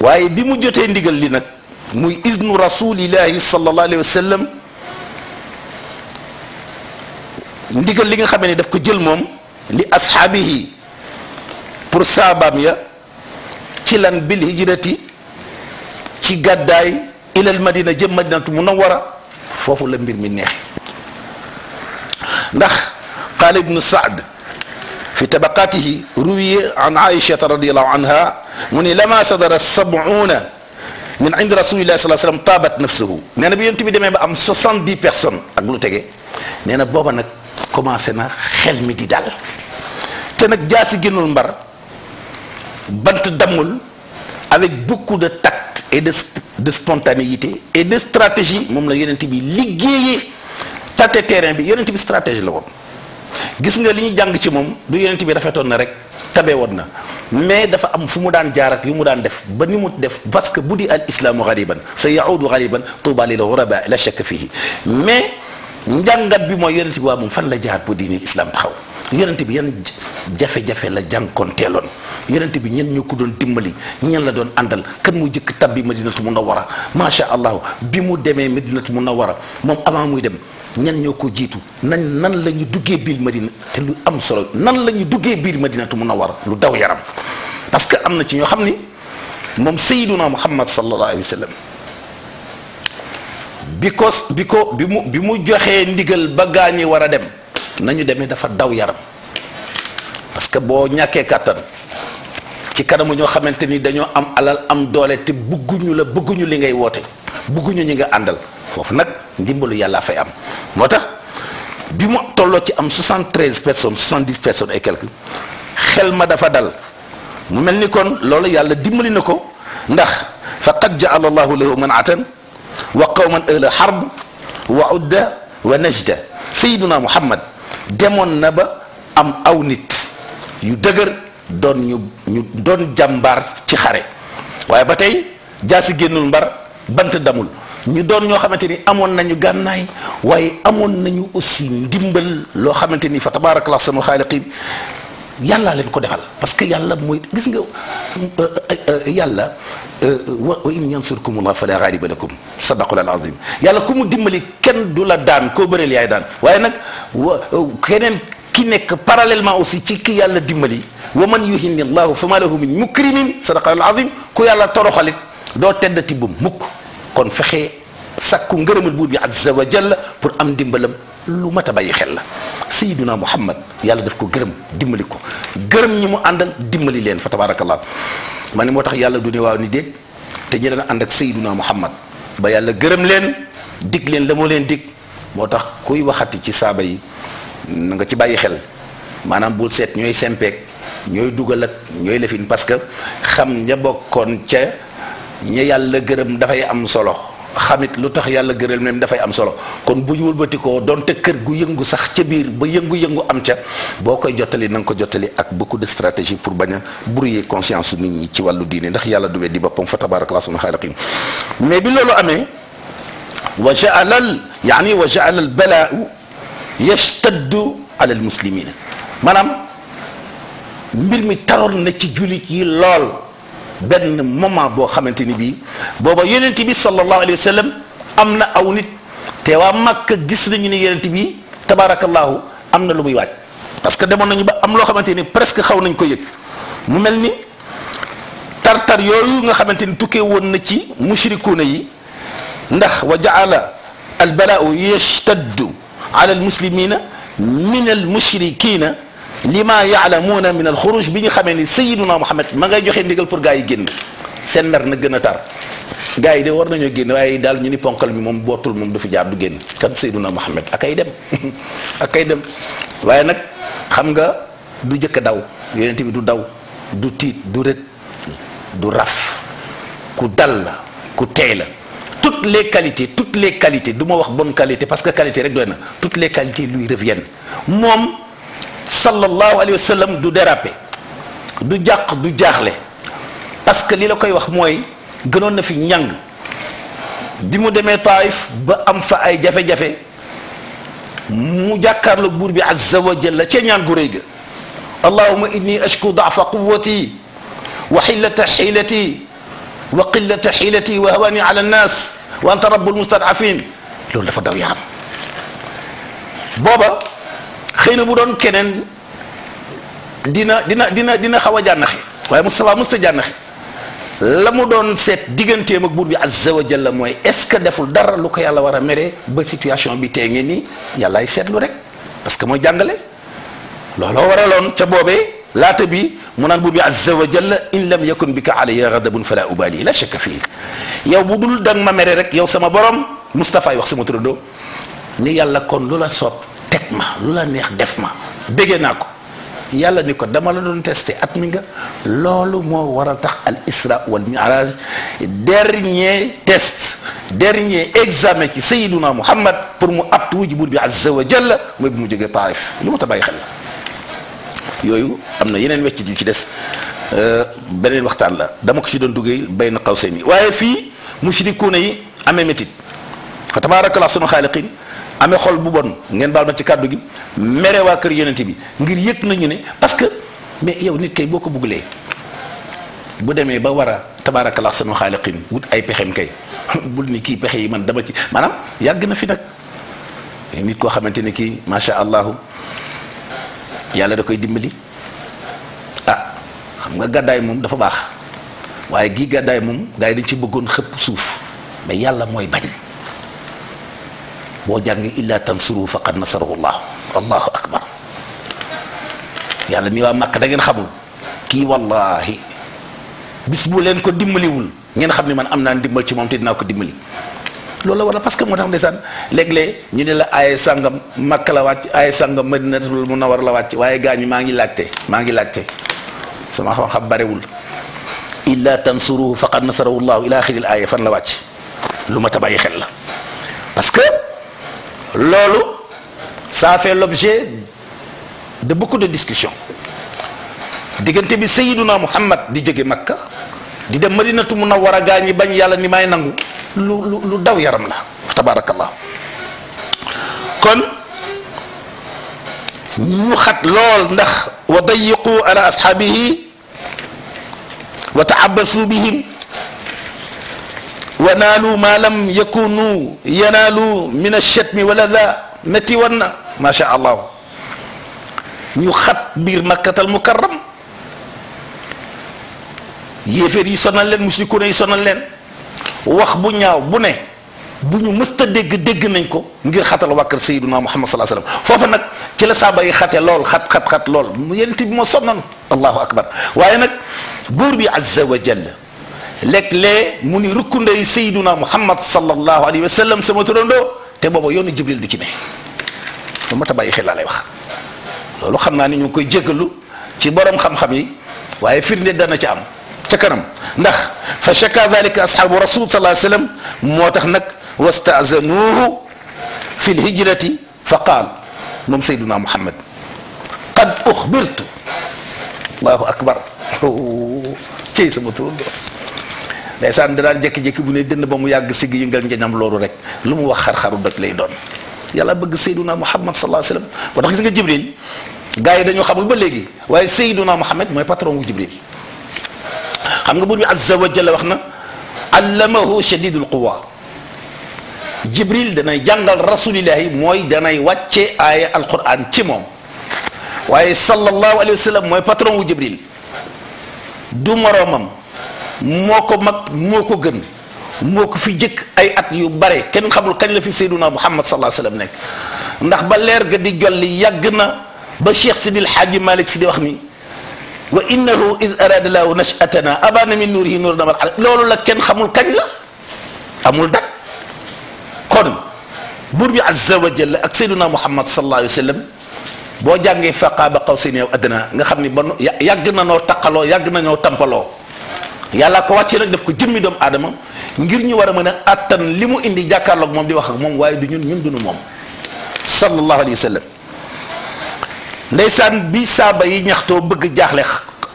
waaye bi mu jotee ndigal li nag muy iznu rasulillahi sallallahu alayhi wa sallam ndigal li nga xam ne daf ko jël moom li ashaabihi pour saabaam ya ci lan bil hijrati ci ila al madina jëm madinatu munawwara fofu la mbir mi neex ndax qali ibn sa'd في طبقاته روي عن عائشة رضي الله عنها من لما صدر السبعون من عند رسول الله صلى الله عليه وسلم طابت نفسه نانا بي ينتبه دمي ام 70 بيرسون اك لو تيغي نانا بوبا نك كوماسينا خيل مي دي دال te nag jaasi génnul mbar bant dammul avec beaucoup de tact et de de spontanéité et de stratégie mom la yonent bi liggéeyee tate terrain bi yonent bi stratégie la won gis nga li ñu jàng ci mom du yonent bi rafetoon na rek tabé woon na mais dafa am fumu daan jaar ak yu mu daan def ba nimu def parce que budi al islam ghaliban sa ghaliban ghariban tuuba lil ghuraba la shak fihi mais njàngat bi mooy yonent bi waa moom fan la jaar bu diinil islam taxaw yonent bi yan jafe-jafe la jànkoonteeloon yonent bi ñen ñu ko doon dimbali ñen la doon àndal kan mu jëkk tabbi madinatu munawwara macha allah bi mu demee madinatu munawwara moom avant muy dem ñan ñoo ko jiitu nañ nan la ñu duggee biir madina te lu am solo nan la ñu duggee biir madinatu munawwara lu daw yaram parce que am na ci ñoo xam ni moom sayyiduna muhammad sallallahu alayhi wa sallam bi ko bi ko bi mu bi mu joxee ndigal ba gaa gaañi war a dem nañu démé dafa daw yaram parce que bo ñaké katan ci kanamu ñoo xamanteni ni dañoo am alal am doole te bëgguñu la bëgguñu li ngay woté bëgguñu ñi nga àndal fofu nak ndimbalu yàlla fay am motax tax bi mu tolloo ci am 73 personnes 70 personnes et quelques xel ma dafa dal mu melni kon loolu yàlla dimbali nako ko ndax faqad jaala allah lahu manatan wa qawman ahla harb wa udda wa najda sayiduna muhammad demoon na ba am aw nit yu dëgër doon ñu ñu doon jàmbaar ci xare waaye ba tey jaar si génnul mbar bant damul ñu doon ñoo xamante ni amoon nañu gànnaay waaye amoon nañu aussi ndimbal loo xamante ni fa tabarakallah sama xaaliqin yàllaa leen ko defal parce que yàlla mooy gis nga euh, euh, yàlla أه، وإن ينصركم الله فلا غالب لكم صدق الله العظيم يا لكم دملي كن دولا دان كبر اللي دان وينك كنن كنك parallel ما أوصيك يا دملي ومن يهين الله فما له من مكرم صدق الله العظيم كي الله ترى خالد دو تد تبوم مك كن فخي سكون غير مبود عز وجل فرام دملي lu mat a bàyyi xel la sayyiduna muhammad yàlla def ko gërëm dimbali ko gërëm ñi mu àndal dimbali leen fa tabaarakallah ma ne moo tax yàlla du ne waaw ni déeg te ñi daan ànd ak sayyiduna muhammad ba yàlla gërëm leen dig leen la moo leen dig moo tax kuy waxati ci saaba yi na nga ci bàyyi xel maanaam bul seet ñooy sempeeg ñooy dugal ak ñooy lefin parce que xam ña bokkoon ca ña yàlla gërëm dafay am solo xamit lutax yàlla gëral même da fay am solo kon bu ñu wëlbatikoo donte kër gu yëngu sax ci biir ba yëngu-yëngu am ca bokay jotali nang ko jotali ak beaucoup de stratégie pour baña brouiller conscience nit ñi ci walu diine ndax yàlla du weddi bopam fa tabaraka subhanahu wa xaaliqin mais bi lolu amé wa jaalal yani wa jaala al balaau yashtaddu ala al muslimin manam mbir mi taroon na ci julit yi lol ben moment bo xamanteni bi bii booba yonent bi sallallahu alayhi wasallam amna aw nit te wa Makka gis nañu ni yenenti bi tabarakallah amna lu muy wacc parce que demoon nañu ba am lo xamanteni presque xaw nañ ko yek mu melni tartar yoyu nga xamanteni tuké won na ci mushrikuna yi ndax wa jaala al bala'u yashtaddu ala al muslimina min al mushrikina lima yaalamuuna min al xuruj bi ñu xamee ni sayiduna Muhammad ma ngay joxe ndigal pour gars yi génn seen mer na gën a tar gaa yi de war nañoo génn waaye daal ñu ni ponkal mi moom bootul moom du fi jaar du génn kan sayiduna Muhammad ak ay dem ak ay dem waaye nag xam nga du jëkk daw yonent bi du daw du tiit du rët du raf ku dal la ku teey la toutes les qualités toutes les qualités du ma wax bonne qualité parce que qualité rek doy na tout les qualités lui reviennent moom صلى الله عليه وسلم دو درابي دو جاق دو جاخلي باسكو لي لاكاي واخ موي غنون نا في نيانغ دي مو ديمي طائف با ام اي جافي جافي مو جاكارلو بور بي عز وجل تي نيان غوريغا اللهم اني اشكو ضعف قوتي وحله حيلتي وقله حيلتي وهواني على الناس وانت رب المستضعفين لول دا فا داو بابا xëy na bu doon keneen dina dina dina dina xaw a jànnaxe waaye Moustapha musta jànnaxe la mu doon seet digganteem ak buur bi azza wa jalla mooy est-ce que deful dara lu ko yàlla war a mere ba situation bi tee ngeen ni ay seetlu rek parce que mooy jàngale looloo loon ca boobe laata bi mu naan buur bi azza wa jalla in lam yakun bika alayya ghadabun fala ubali la shakka yow bu dul ma mere rek yow sama borom Moustapha wax sama turandoo ni yàlla kon lu la soob teg ma lu neex def ma béggee naa ko yàlla ni ko dama la don testé at mi nga lolu mo war tax al isra wal miraj dernier test dernier examen ci sayyiduna muhammad pour mu apt wu bi azza wa jalla moy bu mu joge taif lu mu ta bàyyi xel yoyu amna yenen wetch di ci dess euh benen waxtan la dama ko ci don duggee bayna qawsaini waye fi mushrikuna yi amee métit fa tabarakallahu sunu khaliqin amee xol bu bon ngeen baal ma ci kàddu gi mere waa kër yonent bi ngir yëg nañu ne parce que mais yow nit kay boo ko buggulee bu demee ba war a tabaarakallah sunu xaaliqin wut ay pexem kay bul ni kii pexe yi man dama ci maanaam yàgg na fi nag nit koo xamante ni kii macha allahu yàlla da koy dimbali ah xam nga gàddaay moom dafa baax waaye gii gàddaay moom gars yi dañ ci bëggoon xëpp suuf mais yàlla mooy bañ. وجان الا تنصروا فقد نصره الله الله اكبر يالا ميوا مكه داغين خمول كي والله بسمو لين كو ديملي وول نين خامي مان امنا ديمبل سي مام تي ديملي لولا ولا باسكو موتاخ ديسان ليك لي ني نلا اي سانغام مكه لا واتي اي سانغام مدينه المنوره لا واتي واي غاني ماغي لاكتي ماغي لاكتي سما خا خبري وول الا تنصروه فقد نصره الله الى اخر الايه فان لا واتي لوما تباي خيل باسكو Lolo, ça a fait l'objet de beaucoup de discussions diggante bi Sayyiduna Muhammad di djégué Makka di dem Madinatu Munawwara gañi bañ Yalla ni may nangu lu lu daw yaram la kon mu xat lool ndax wa dayiqu ala ashabihi wa ta'abbasu bihim ونالوا ما لم يكونوا ينالوا من الشتم ولا ذا نتي ون ما شاء الله يخبر مكة المكرم يفري سنال لين مشركون يسنال لين وخبونا بنا بنا مستدق دق منكو نجير خطل وكر سيدنا محمد صلى الله عليه وسلم فوفنك كلا سابا يخط لول خط خط خط لول ينتبه مصنن الله أكبر وينك بوربي عز وجل léeg-léeg mu ni rukku ndey sayyiduna muhammad sallallahu alayhi wa sallam sama turandoo te booba yoonu jibril du ci ne lu mat a bàyyi xel laa lay wax loolu xam naa ni ñu ngi koy jéggalu ci borom xam-xam yi waaye firnde dana ca am ca kanam ndax fa shaka dalika asxaabu rasul sallallahu alayhi wa sallam moo tax nag wastaazanuuhu fi lhijrati fa qaal moom sayyiduna muhammad qad uxbirtu allahu akbar cey sama turandoo ndaysan dara jek jek bu ne dënn ba mu yàgg sigg yëngal ngeñam lolu rek lu mu wax xar-xaru doj lay doon yàlla bëgg sayyiduna muhammad sallallahu alayhi wasallam wax gis nga jibril gaay dañu xamul ba legi waye sayyiduna muhammad moy patron wu jibril xam nga bu bi azza wa jalla waxna allamahu shadidul quwa jibril dana jàngal rasulillahi moy dana wàcce aya alquran ci mom waye sallallahu alayhi wasallam moy patron wu jibril du moromam moko ko mag moo gën moko fi jëk ay at yu bare kenn xamul kañ la fi sayyiduna muhammad sallallahu alayhi wasallam nek ndax ba leer ga di jolli yàgg ba cheikh sidi alxaaji malik si wax ni wa innahu id arada laahu nashatana abana min nuurihi nuur damar ala la kenn xamul kañ la amul dat kon buur bi azza wa jalla ak sayduna muhammad sallallahu alayhi wasallam boo jàngee faqaaba qawsin yow adna nga xamni ni ba yàgg na noo taqaloo yàgg na yàlla ko wàcce rek def ko jëmmi doomu adama ngir ñu wara mëna mën a attan li indi jakarlok mom di wax ak mom waye du ñun ñun duñu mom sallallahu alayhi wasallam ndaysan ndeysaan bi saaba yi ñaxto bëgg jaxlé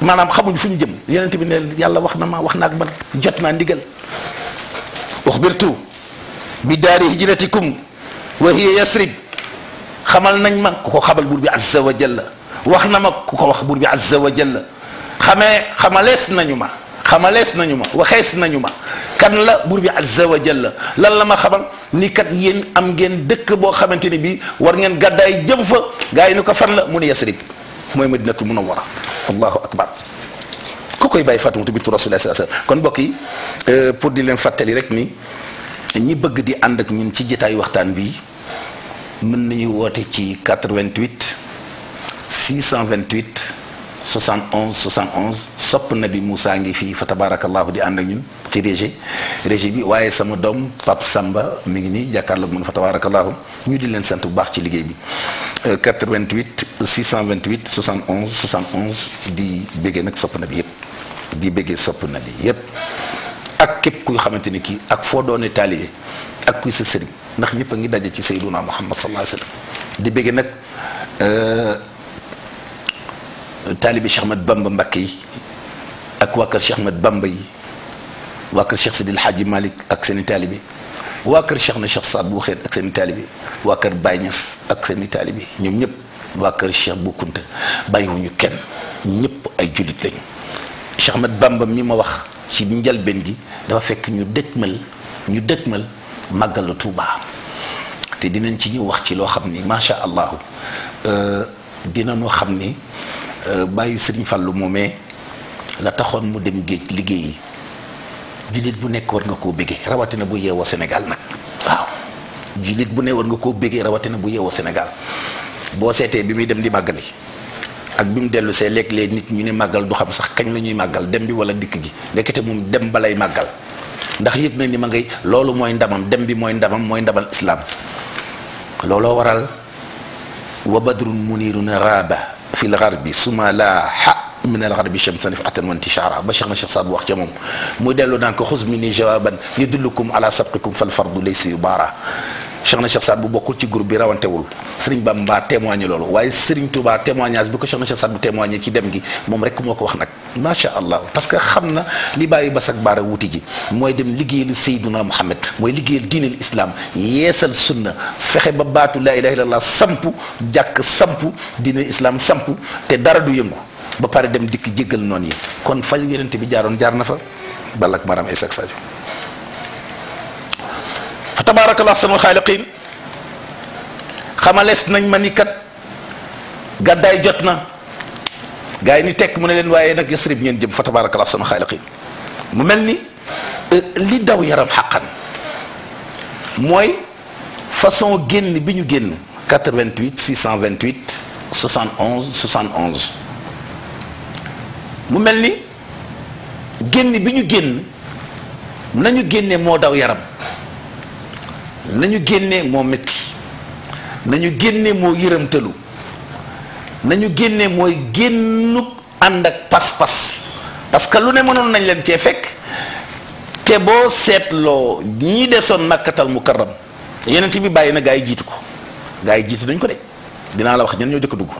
manam xamuñ fuñu jëm yonent bi ne yàlla wax na ma wax naa ak man jot naa ndigal ukhbirtu bi dari hijratikum wa hiya yasrib xamal nañ ma ko xabal bur bi azza wa jalla wax na ma ko wax bur bi azza wa jalla xamé xamales nañu ma xamalees nañu ma waxees nañu ma kan la buur bi azza wa jalla lan la ma xamal ni kat yéen am ngeen dëkk boo xamante ni bii war ngeen gàddaay jëm fa gaa yi ni ko fan la mu ne yasrib mooy madinatul munawwara allahu akbar ku koy bàyyi fatimatu bintu rasulillah sallallahu alayhi wasallam kon mbokk yi euh, pour di leen fàttali rek ni ñi bëgg di ànd ak ñun ci jotaayu waxtaan bi mën nañu woote ci 88 628 71 71 sopp na bi Moussa ngi fii fa tabarakallahu di ànd ak ñun ci régie régie bi waaye sama doom Pape Samba mu ngi nii jàkkaarloog man fa tabarakallahu ñu di leen sant bu baax ci liggéey bi 88 628 71 71 di béggee nag sopp na bi yëpp di béggee sopp na bi yëpp ak képp kuy xamante ni kii ak foo doone taalibe ak kuy sa sëriñ ndax ñëpp a ngi daje ci Seydouna Muhammad sallallahu alayhi wa sallam di béggee nag euh, taalibi Cheikh Ahmad Bamba Mbàkke yi ak waa kër Cheikh Ahmad Bamba yi waa kër Cheikh Sidil Hadji Malick ak seen i taalibi waa kër Cheikh na Cheikh Saad bu xeet ak seen i taalibi waa kër Baye Niass ak seen i taalibi ñoom ñëpp waa kër Cheikh bu Kunta bàyyiwuñu kenn ñëpp ay jullit lañu Cheikh Ahmad Bamba mi ma wax ci njalbeen gi dafa fekk ñu dëkkmal ñu dëkkmal màggalu Tuubaa te dinañ ci ñu wax ci loo xam ni macha allah dinañu xam ni. Euh, bàyyi sëriñ Fallou moomee la taxoon mu dem géej liggéeyi jullit bu nekk war nga koo béggee rawatina bu yeewoo Sénégal nag waaw jullit bu ne war nga koo béggee rawatina bu yeewoo Sénégal boo seetee bi muy dem di màggali ak bi mu dellu see léeg-léeg nit ñu ne màggal du xam sax kañ la ñuy màggal dem bi wala dikk gi ndekete moom dem balay màggal ndax yëg na li ma ngay loolu mooy ndamam dem bi mooy ndamam mooy ndamal islaam looloo waral wa في الغرب ثم حق من الغرب شمسا نفعة وانتشارا بشر غنشي صاد وقت موم مو دالو مني جوابا يدلكم على سبقكم فالفرض ليس يبارا Cheikh na Cheikh bu bokkul ci group bi rawantewul Serigne Bamba témoigné loolu waaye Serigne Touba témoignage bi ko Cheikh na Cheikh bu témoigné ci dem gi moom rek moo ko wax nag macha allah parce que xam na li bàyyi basak baara wuti ji mooy dem liggéeyal Seyduna Muhammad mooy liggéeyal diinal islam yeesal sunna fexe ba baatu laa ilaha illallah samp jàkk samp diinal islaam samp te dara du yëngu ba pare dem dikk jéggal noon yi kon fañ yonente bi jaaroon jaar na fa balak maram Isaac Sadio fa tabaarakallah ahsanul xaaliqiin xamalees nañ ma ni kat gàddaay jot na gaa yi ni tekk mu ne leen waaye nag yasrib ngeen jëm fa tabaarakallah ahsanul xaaliqiin mu mel ni euh, li daw yaram xaqan mooy façon génn bi ñu génn 88 628 71 71 mu mel ni génn bi ñu génn nañu génne moo daw yaram nañu génnee moo metti nañu génnee moo yërëmtalu nañu génne mooy génnuk ànd ak pas-pas parce que lu ne mënoon nañ leen cee fekk te boo seetloo ñi desoon makkatal mukarram yeneen bi bàyyi na gaa yi jiitu ko gaa yi jiitu nañ ko de dinaa la wax ñan ñoo jëkk dugg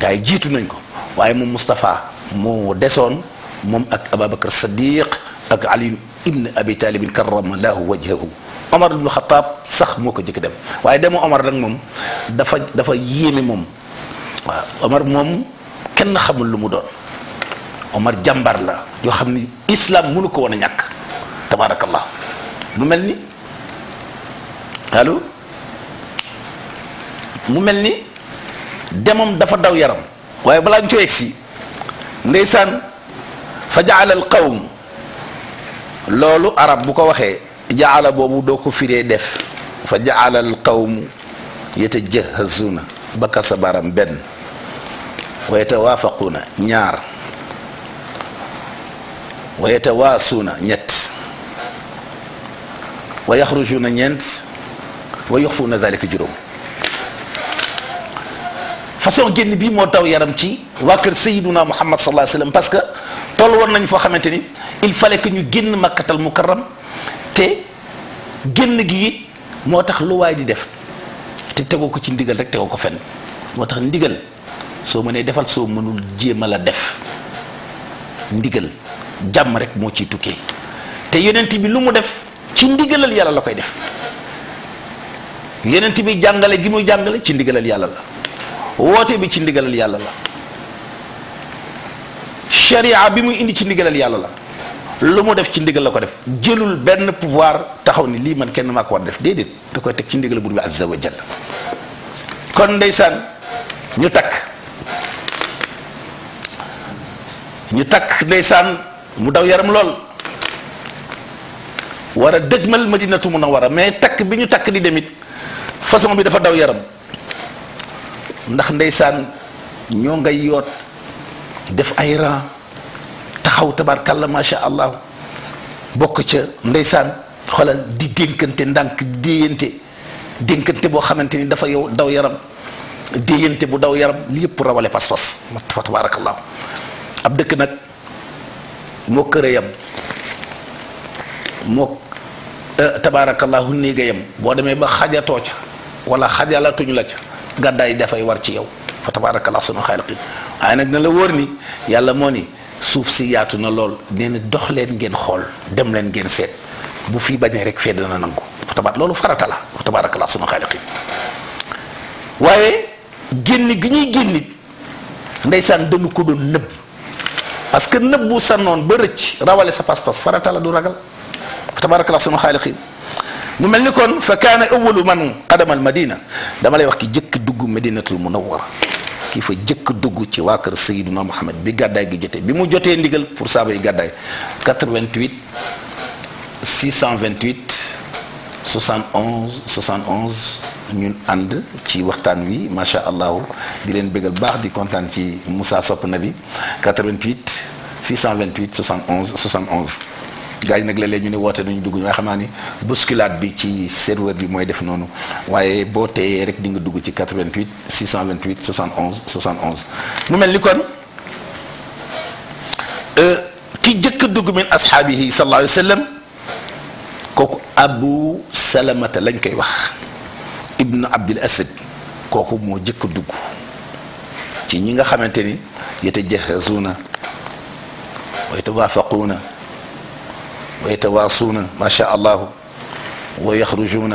gaa yi jiitu nañ ko waaye moom mustafa moo desoon moom ak Ababacar Sadiq ak Ali ibn Abi Talib karramallahu wajhahu omar ibn khattab sax moo ko jëkk dem waaye demu omar nag moom dafa dafa yéeme moom waaw omar moom kenn xamul lu mu doon omar jàmbar la yoo xam islam mënu ko woon a tabarakallah mu melni, ni allo mu melni, demam dafa daw yaram waaye balaa ñu ci yegsi ndeysaan al qawm loolu arab bu ko waxee jaala boobu doo ko firee def fa jaala al qawmu yatajahazuna bakka sa baram benn wa yatawaafaquuna ñaar wa yatawaasuuna ñett wa yaxrujuuna ñeent wa yoxfuuna dalika juróom façon génn bi moo taw yaram ci waa kër sayiduna muhammad sallallahu alayhi wa sallam parce que toll woon nañ foo xamante ni il fallait que ñu génn makkatal mukarram te génn gi it moo tax lu waay di def te tegu ko ci ndigal rek tegu ko fenn moo tax ndigal soo mënee defal soo mënul jéem a def ndigal jàmm rek moo ciy tukkee te yonent bi lu mu def ci ndigalal yàlla la koy def yonent bi jàngale gi muy jàngale ci ndigalal yàlla la woote bi ci ndigalal yàlla la sharia bi muy indi ci ndigalal yàlla la lu mu def ci ndigal la ko def jëlul benn pouvoir taxaw ni lii man kenn maa ko war def déedéet da koy teg ci ndigal buur bi azza wa kon ndeysaan ñu takk ñu takk ndeysaan mu daw yaram lool war a dëgmal madinatu munawwara mais takk bi ñu takk di demit façon bi dafa daw yaram ndax ndeysaan ñoo ngay yoot def ay taxaw tabarkalla macha allah bokk ca ndeysaan xolal di dénkante ndànk déyante dénkante boo xamante ni dafa yow daw yaram déyante bu daw yaram li yëpp rawale pas-pas fa tabaarakallah ab dëkk nag moo këre yam moo tabaarakallahu néega yam boo demee ba xajatoo ca wala xajalatuñu la ca gàddaay dafay war ci yow fa tabaarakallah sama xaaliqin waaye nag na la wóor ni yàlla moo ni suuf si yaatu na lool nee dox leen ngeen xool dem leen ngeen seet bu fii bañee rek fee dana nangu fa tabaat loolu farata la fa tabaaraka laa génn gi ñuy génn ndeysaan dañu ko doon parce que nëbbu sa noon ba rawale sa pas-pas la du ragal fa tabaaraka laa sunu mu mel ni kon fa kaana awwalu man qadama al madina dama lay wax ki jëkk dugg madinatul munawwara ki fa jëkk dugg ci waa kër Seydina Muhammad bi gàddaay gi jotee bi mu jotee ndigal pour saaba yi gàddaay 88 628 71 71 ñun ànd ci waxtaan wi macha allah di leen bëggal baax di kontaan ci Moussa Sopp Nabi 88 628 71 71. gaay nak la leeg ñu ni woté nañu dugg waaye xam bousculade bi ci serveur bi moy def nonu waye bo teeyee rek di nga dugg ci 88 628 71 71. mu mel ni kon ki jëk dugg min ashaabihi sallallahu alayhi wa sallam Abu Salamata lañ koy wax Ibnu Abdil Asad kooku moo jëkk dugg ci ñi nga xamanteni yete yatajahazuuna wa yatawaafaquuna ويتواصون ما شاء الله ويخرجون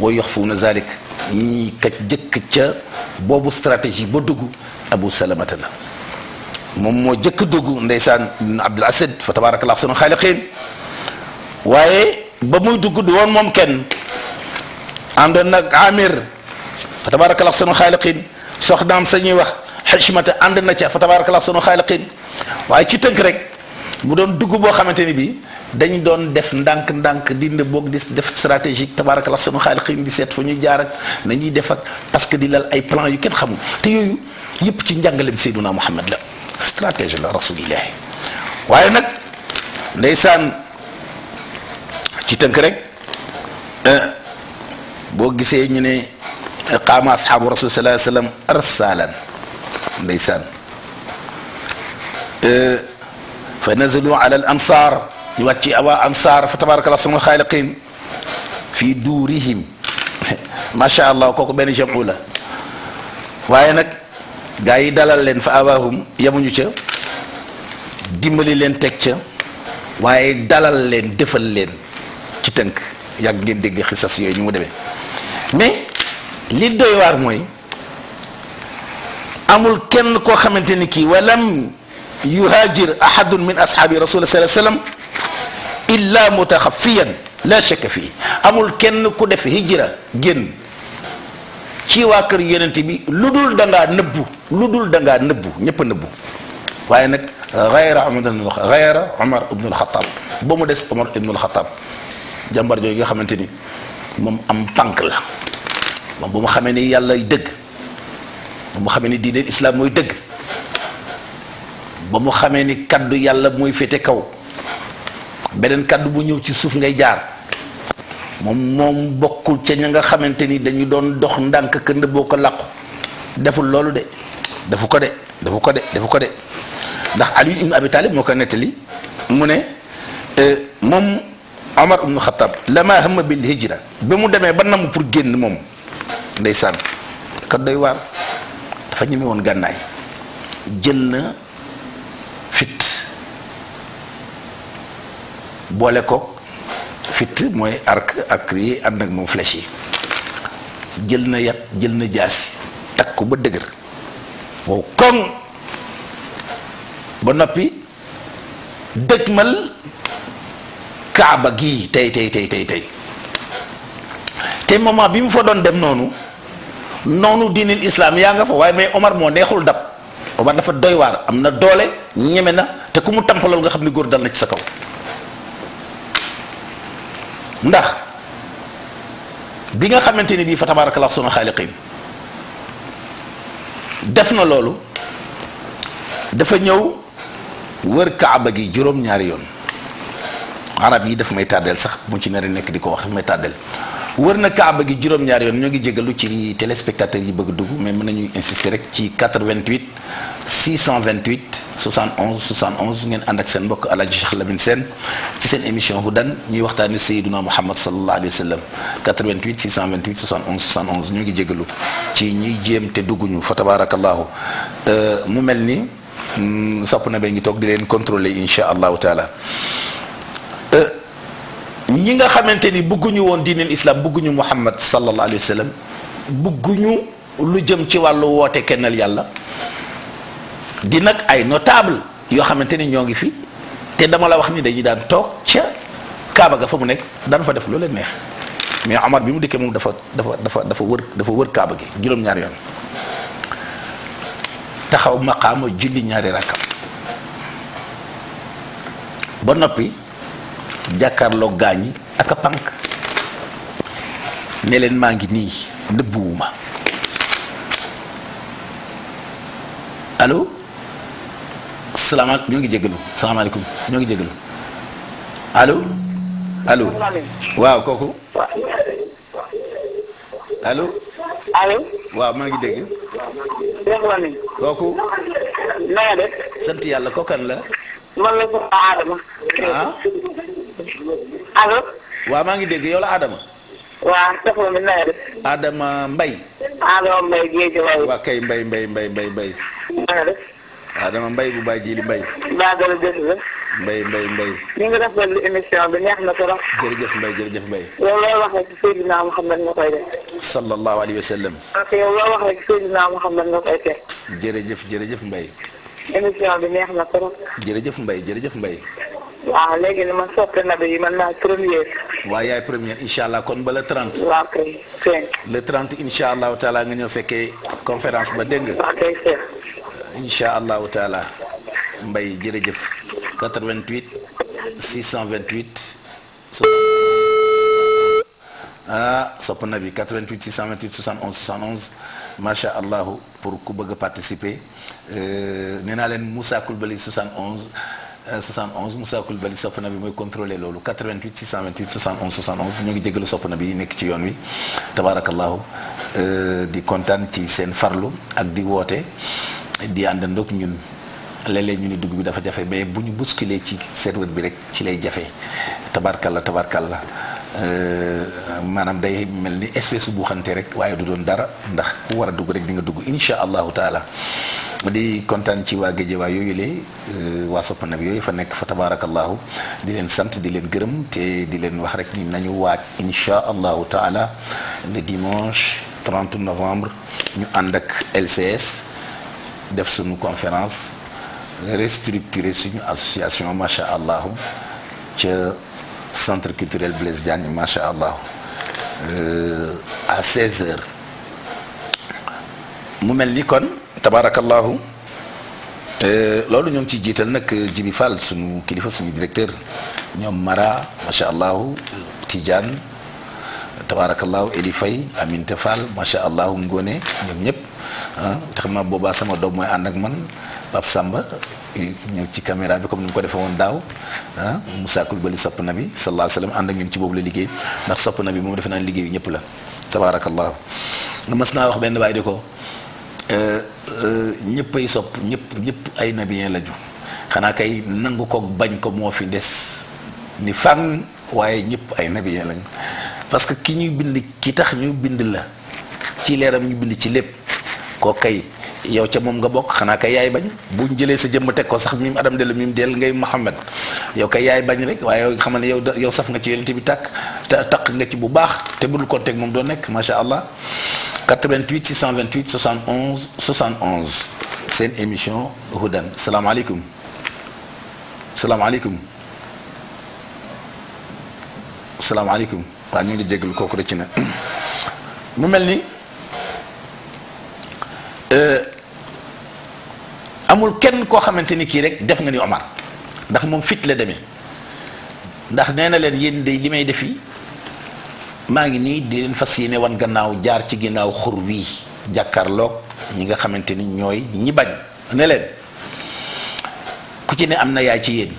ويخفون ذلك ني كجك تا بوبو استراتيجي بدغو ابو سلامه لا مومو جك دغو ندسان عبد الاسد فتبارك الله احسن الخالقين وي بامو دغو دون موم كين عامر فتبارك الله احسن الخالقين سخدام سني وخ حشمه عندنا فتبارك الله احسن الخالقين وي تي رك mu doon dugg boo xamante ni bii dañ doon def ndànk-ndànk dind boog di def stratégique tabaaraka la sunu xaaliqiin di seet fu ñuy jaarak ak nañuy def ak parce que di lal ay plan yu kenn xamul te yooyu yëpp ci njàngaleem Seyduna Muhammad la stratégie la rasulillahi waaye nag ndeysaan ci tënk rek eh, boo gisee ñu ne eh, qaama ashaabu rasul sallallahu alayhi wa ndeysaan eh, فنزلوا على الانصار يواتي اوا انصار فتبارك الله سمو خالقين في دورهم ما شاء الله كوكو بين جمعولا وايي نك غاي دالال لين فاواهم يمونيو تيا ديمبالي لين تك تيا وايي دالال لين ديفال لين تي تنك ياك نين ديغ خصاص يوي نيمو ديبي مي لي دوي وار موي امول كين كو خامتيني كي ولم يهاجر أحد من أصحاب رسول الله صلى الله عليه وسلم إلا متخفيا لا شك فيه أمول كن كدف هجرة جن كي واكر ينتبي لدول دنغا نبو لدول دنغا نبو نبو نبو وينك غير عمر بن غير عمر بن الخطاب بومدس عمر بن الخطاب جامبار جوي خامتيني موم ام تانك لا موم بومو خامي ني يالا دي دين الاسلام ويدق ba mu xamee ni kàddu yàlla mooy féete kaw beneen kàddu bu ñëw ci suuf ngay jaar moom moom bokkul ca ña nga xamante ni dañu doon dox ndànk kënd boo ko làqu deful loolu de dafu ko de dafa ko de dafu ko de ndax Ali ibn Abi Talib moo ko nettali mu ne euh, moom Omar ibn Khattab lama hamma bil hijra ba mu demee ba namm pour génn moom ndeysaan kat doy waar dafa ñeme woon gànnaay jël na boole ko fitt mooy arc ak yi ànd ak moom flèche yi jël na yat jël na jaasi takk ko ba dëgër wow koŋ ba noppi dëgmal kaaba gii tey tey tey tey tey te moment bi mu fa doon dem noonu noonu diinil islaam yaa nga fa waaye mais Omar moo neexul dab Omar dafa doy waar am na doole ñeme na te ku mu tampalool nga xam ne góor dal na ci sa kaw ndax bi nga xamante ni bii fa tabarakallah sunu xaaliqin def na loolu dafa ñëw wër kaaba gi juróom-ñaari yoon arab yi daf may tàddeel sax mu ci nar a nekk di ko wax daf may tàddeel wër na kaaba gi juróom-ñaari yoon ñoo ngi jégalu ci téléspectateur yi bëgg dugg mais mën nañu insister rek ci 88 628 71 71 ngeen ànd ak seen mbokk El Hadj Cheikh Lamine Sène ci seen émission Houdan ñuy waxtaanee Seydina Mouhamed sallallahu alayhi wa sallam 88 628 71 71 ñu ngi jégalu ci ñiy jéem te dugguñu fa tabaarakallaahu mu mel ni mm, sopp na ba ngi toog di leen contrôler incha allahu taala ñi nga xamante ni bëgguñu woon diineel islam bëgguñu Mouhamed sallallahu alayhi wa sallam bëgguñu lu jëm ci wàllu woote kennal yàlla. di nag ay notable yoo xamante ni fi te dama la wax ni dañuy daan toog ca kaaba ga fa mu nekk daan fa def lu leen neex mais omar bi mu dikkee moom dafa dafa dafa dafa wër dafa wër kaaba gi juróom-ñaari yoon taxaw maqaama julli ñaari rakkam ba noppi jàkkaarloo gaañi ak a ne leen maa ngi nii nëbbuwuma allo salaamaaleykum ñoo ngi jégalu salaamaaleykum ñoo ngi jégalu allo allo waaw kooku allo. allo waaw maa ngi dégg. kooku. na nga def. sant yàlla kookan la. man la soxna Adama. ah. allo. waaw maa ngi dégg yow la Adama. waaw soxna mi na Adama Mbaye. Adama Mbaye géej kay Mbaye Mbaye Mbaye Mbaye Mbaye. na Adama mbay bu Baye Djili Mbaye. Baagara jërëjëf. Mbaye Mbaye Mbaye. ñu ngi rafetlu émission bi neex na trop. jërëjëf mbay jërëjëf mbay yow jërëjëf jërëjëf Mbaye. émission bi neex na trop. jërëjëf Mbaye jërëjëf Mbaye. waaw léegi ni man soppe na bi man naa première. waaw yaay première incha allah kon ba le 30. waaw kay incha allahu taala nga ñëw fekkee conférence ba dégg inshallah taala mbay 88 628 ah sopp 88 628 71 71 Masha allah pour ku bëgg participer euh Moussa Koulibaly 71 71 euh, Moussa Koulibaly sopp bi contrôler lolu 88 628 71 71 ñu ngi bi ci yoon wi euh di ci farlu di àndandoog ñun léeg-léeg ñu ni dugub bi dafa jafe mais bu ñu bousculer ci seen wet bi rek ci lay jafe tabarkal la tabarkalla tabarkalla euh, maanaam day mel ni espèce bu xante rek waaye du doon dara ndax ku war a dugg rek di nga dugg incha allahu taala di kontaan ci waa Géejawaay yooyu lee euh, waa sopp na bi yooyu fa nekk fa tabarakallahu di leen sant di leen gërëm te di leen wax rek ni nañu waaj incha allahu taala le dimanche 30 novembre ñu ànd ak LCS. def suñu conférence restructurer suñu association macha allah ca centre culturel Blaise Diagne macha allah euh, à 16h mu mel ni kon tabaarakallahu euh, loolu ñoo ngi ciy jiital nag euh, Jibi Fall suñu kilifa suñu directeur ñoom Mara macha allah Tidiane tabaarakallahu Eli Faye Aminta Fall macha allah Ngone ñoom ñëpp. Ah, tax ma boobaa sama doom mooy ànd ak man Pape Samba ñëw ci caméra bi comme ni mu ko defee woon daaw ah Moussa Koulibaly sopp na bi sallallahu alayhi ànd ak ñun ci boobu la liggéey ndax sopp na bi moom defe naa liggéey bi ñëpp la mas naa wax benn waay di ko eh, eh, ñëpp ay sopp ñëpp ñëpp ay nabiyen la ju xanaa kay nangu ko bañ ko moo fi des ni fànn waaye ñëpp ay nabiyen lañ parce que ki ñuy bind ki tax ñu bind la ci leeram ñu bind ci lépp ko kay yow ca moom nga bokk xanaa kay yaay bañ buñ jëlee sa jëmm teg ko sax mim adam de la mim del ngay Muhammad yow kay yaay bañ rek waaye yow nga xam ne yow yow saf nga ci yonent bi tàkk te taq nga ci bu baax te bu budul koo teg moom doo nekk macha allah 88 628 71 71 seen émission Hudan salaamaaleykum salaamaaleykum salaamaaleykum waaw ñu ngi jégalu kooku rëcc na mu mel ni. Euh, amul kenn koo xamante ni kii rek def nga ni Omar ndax moom fit la demee ndax nee na leen yéen de li may def yi maa ngi nii di leen fas yéene wan gannaaw jaar ci ginnaaw xur wii jàkkaarloog ñi nga xamante ni ñooy ñi bañ ne leen ku ci ne am na yaay ci yéen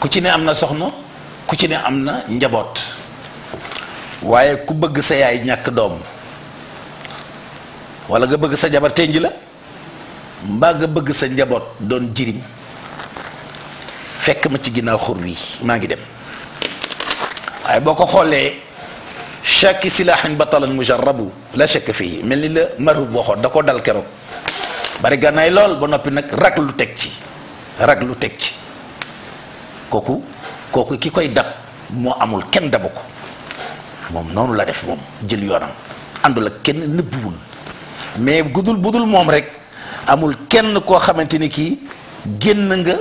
ku ci ne am na soxna ku ci ne am na njaboot waaye ku bëgg sa yaay ñàkk doom wala nga bëgg sa jabar tenj la mbaa bëgg sa njaboot doon jirim fekk ma ci ginnaaw xur wi maa ngi dem waaye boo ko xoolee shaki silaahin batalan mujarrabu la shakk fii mel ni la marhub waxoon da ko dal keroog bari gànnaay lool ba noppi nag rag lu teg ci rag lu teg ci kooku kooku ki koy dab moo amul kenn dabu ko moom noonu la def moom jël yoonam àndul kenn nëbbuwul mais gudul budul moom rek amul kenn koo xamante ni kii génn nga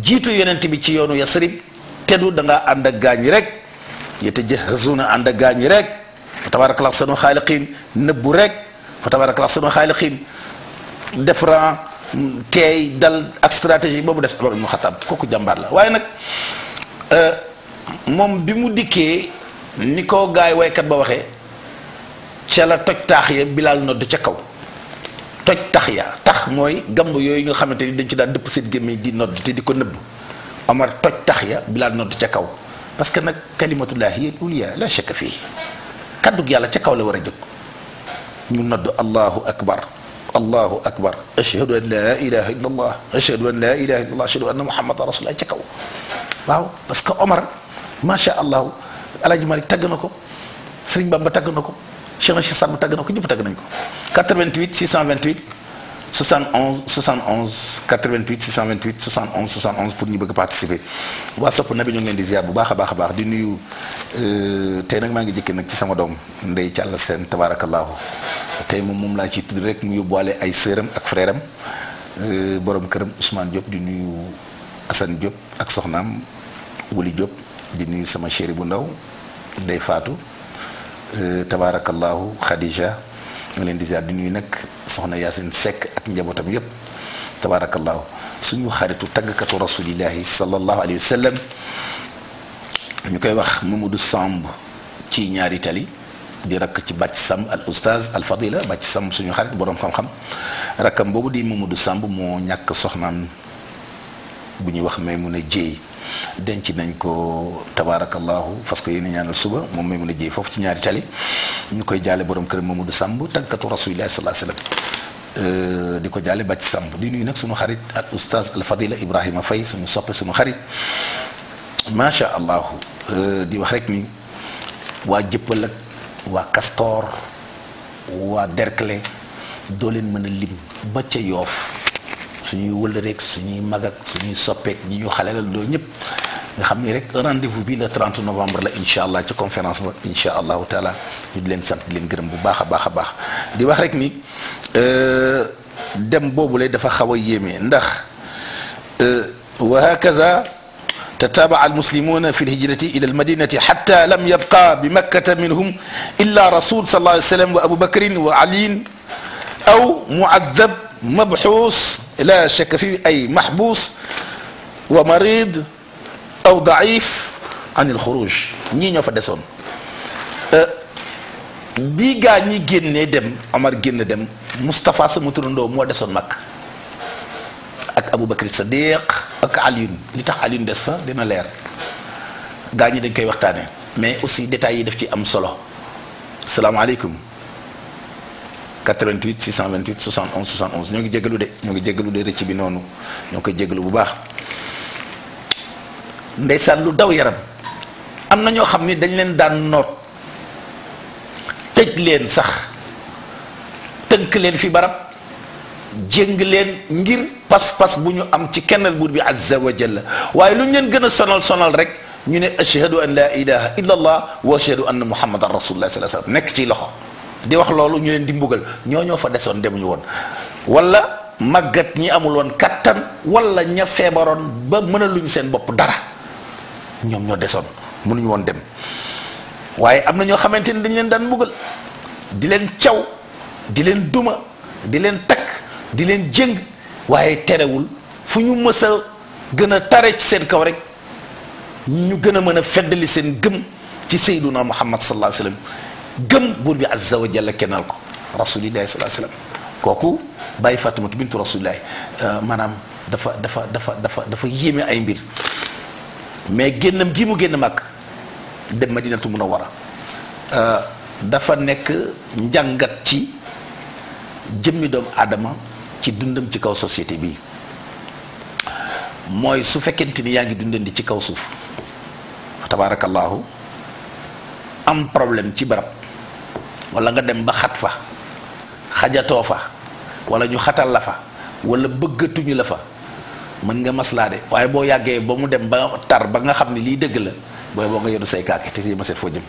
jiitu yeneent bi ci yoonu yasrib teddu da ngaa ànd ak gaañ yi rek yatajahhazuna ànd ak gaañ yi rek fa tabarakallah sunu xaaliqin nëbbu rek fa tabarakallah sunu xaaliqin def ran teey dal ak stratégie boobu def Umar ibn Xattaab kooku waaye nag euh, moom bi mu dikkee ni ko gaay waykat ba waxee ca la toj taax ya bilaal nodd ca kaw toj tax ya tax mooy gambo yooyu nga xamante ni dañ ci daan dëpp seen gémmiñ di nodd te di ko nëbb Omar toj tax ya bilaa nodd ca kaw parce que nag kalimatullahi hiya al-ulya la shakka fii kàddug yàlla ca kaw la war a jóg ñu nodd allahu akbar allahu akbar ashhadu an la ilaha illa allah ashhadu an la ilaha illa allah ashhadu anna muhammadan rasulullah ca kaw parce que Omar macha allah El Hadj Malick tagg na ko Serigne Bamba tagg na ko. Cheikh na Cheikh Sadbu tagg na ko ñëpp tagg nañ ko 88 628 71 71 88 628 71 71 pour ñu bëgg participer waa sopp na bi ñu ngi leen di ziar bu baax a baax a baax di nuyu euh, tey nag maa ngi jëkkee nag ci sama doom ndey càll seen tabaarakallaahu tey moom moom laa ciy tudd rek mu yóbbuwaale ay sëram ak frère am euh, borom këram Ousmane Diop di nuyu Assane Diop ak soxnaam Wuli Diop di nuyu sama chéri bu ndaw Ndey Faatu Euh, tabaarakallaahu Khadija nga leen di ziar di nuyu nag soxna Yaasin Seck ak njabootam yëpp tabaarakallaahu suñu xaritu tàggkatu rasulillahi sallallahu alayhi wa sallam ñu koy wax Mamadou Samb ci ñaari tali di rakk ci bàcc Samb al oustaz al fadila bàcc Samb suñu xarit boroom xam-xam rakkam boobu di Mamadou Samb moo ñàkk soxnaam bu ñuy wax a Jéey denc nañ ko tabaarakallaahu parce que yéen ñaanal suba mom may mëna jé fofu ci ñaari tali ñukoy jalé borom kër Mamadou sambu takatu rasulillah sallallahu alayhi wasallam diko jalé jaale bàcc sambu di nuy nak sunu xarit ak oustaz al Fadila Ibrahima fay sunu soppe sunu xarit ma sha allah di wax rek ni wa jëppal ak wa Castor wa Derklé dolen mëna lim ba ca yoof suñuy wëllëreeg suñuy mag ak suñu soppeek ñi ñu xalelal loolu ñep nga xam ni rek rendez-vous bi le 30 novembre la inshallah ci conférence ba inshallah taala ñu di leen sant di leen gërëm bu baaxa baaxa baax di wax rek ni euh dem bobu lay dafa xawa yeme ndax euh wa hakaza تتابع المسلمون في الهجرة إلى المدينة حتى لم يبقى بمكة منهم إلا رسول صلى الله عليه وسلم وأبو بكر وعلي أو معذب مبحوث لا شك فيه اي محبوس ومريض او ضعيف عن الخروج ني نيو فدسون أه، بي غاني генي دم عمر генي دم مصطفى سمتروندو مو دسون مكه اك ابو بكر الصديق اك علي لي تخ علي دينا لير غاني دنجكاي وقتاني مي أسي دتاي داف ام سولو السلام عليكم 88 628 71 71 ñoo ngi jégalu de ñoo ngi jégalu de rëcc bi noonu ñoo koy jégalu bu baax ndeysaan lu daw yaram am na ñoo xam ni dañ leen daan noot tëj leen sax tënk leen fi barab jéng leen ngir pas-pas bu ñu am ci kenn buur bi azza wa jalla waaye lu ñu leen gën a sonal sonal rek ñu ne ashhadu an la ilaha illa allah wa ashhadu anna muhammadan rasulullah sallallahu alayhi wa sallam nekk ci loxo di wax loolu ñu leen di mbugal ñoo ñoo fa desoon demuñu woon wala màggat ñi amul woon kattan walla ña feebaroon ba mëna mënaluñ seen bopp dara ñoom ñoo desoon mënuñu woon dem waaye am na ñoo xamante ni dañ leen daan mbugal di leen caw di leen duma di leen takk di leen jëng waaye terewul fu ñu mës a gën a tare ci seen kaw rek ñu gën a mën a feddali seen gëm ci sayduna muhammad sallallahu alayhi wa gëm buur bi azza wa jalla kennal ko rasulillahi salaa sallam kooku bàyyi fatimatu bintu rasulillahi euh, maanaam dafa dafa dafa dafa dafa yéeme ay mbir mais génnam gi mu génn mag dem madinatu munawara euh, dafa nekk njàngat ci jëmmi doomu aadama ci dundam ci kaw société bi mooy su fekkente ni yaa ngi dundandi ci kaw suuf tabaarakallahu am problème ci barab wala nga dem ba xat fa xajatoo fa wala ñu xatal la fa wala bëggatuñu la fa mën nga maslaa de waaye boo yàggee ba mu dem ba tar ba nga xam ne lii dëgg la booy boo nga yoru say kaake te ma seet foo jëm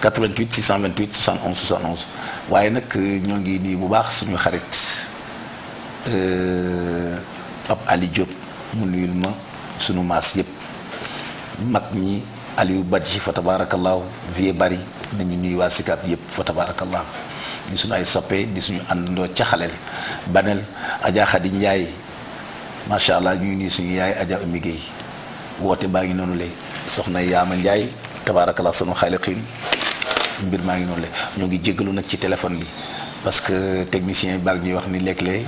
88 628 71 71 waaye nag euh, ñoo ngi nii bu baax suñu xarit euh, Pape Ali Diop mu nuyul ma sunu maas yëpp mag ñi Aliou Badji fa tabaarakallaahu vie bari nañu nuyu waa Sicap yëpp fa tabarakallah di suñu ay soppee di suñu àndandoo ca xaleel baneel Adja Khady Ndiaye macha allah ñuy nuyu suñu yaay Adja Oumy Guèye woote baa ngi noonu lay soxna Yaama Ndiaye tabarakallah sunu xaaliqiin mbir maa ngi noonu lay ñoo ngi jéggalu nag ci téléphone bi parce que technicien baa ngi ñuy wax ni léeg-léeg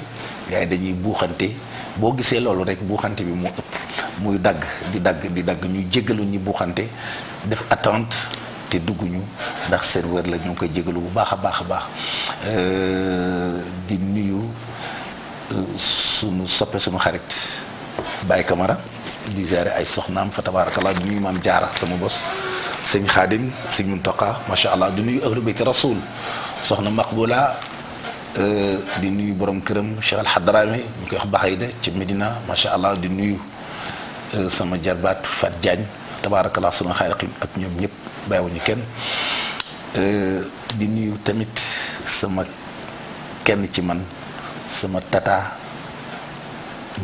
gars dañuy buuxante boo gisee loolu rek buuxante bi moo ëpp muy dagg di dagg di dagg ñuy jéggalu ñi buuxante def attente te dugguñu ndax serveur la ñu ngi koy jégalu bu baax a baax a baax euh, di nuyu euh, sunu soppe sunu xarit Baye Camara di gérer ay soxnaam fa tabarakallah di nuyu maam jaara sama bos sëñ xaadim sëñ Muntaqa macha allah di nuyu ahlu bayti rasul soxna Maqbula euh, di nuyu borom këram Cheikh Al Hadrami ñu koy wax Baxayda ci Medina macha allah di nuyu sama jarbaat Fat Diagne tabarakallah sunu xarit ak ñoom ñëpp. bàyyiwuñu kenn euh, di nuyu tamit sama kenn ci man sama tata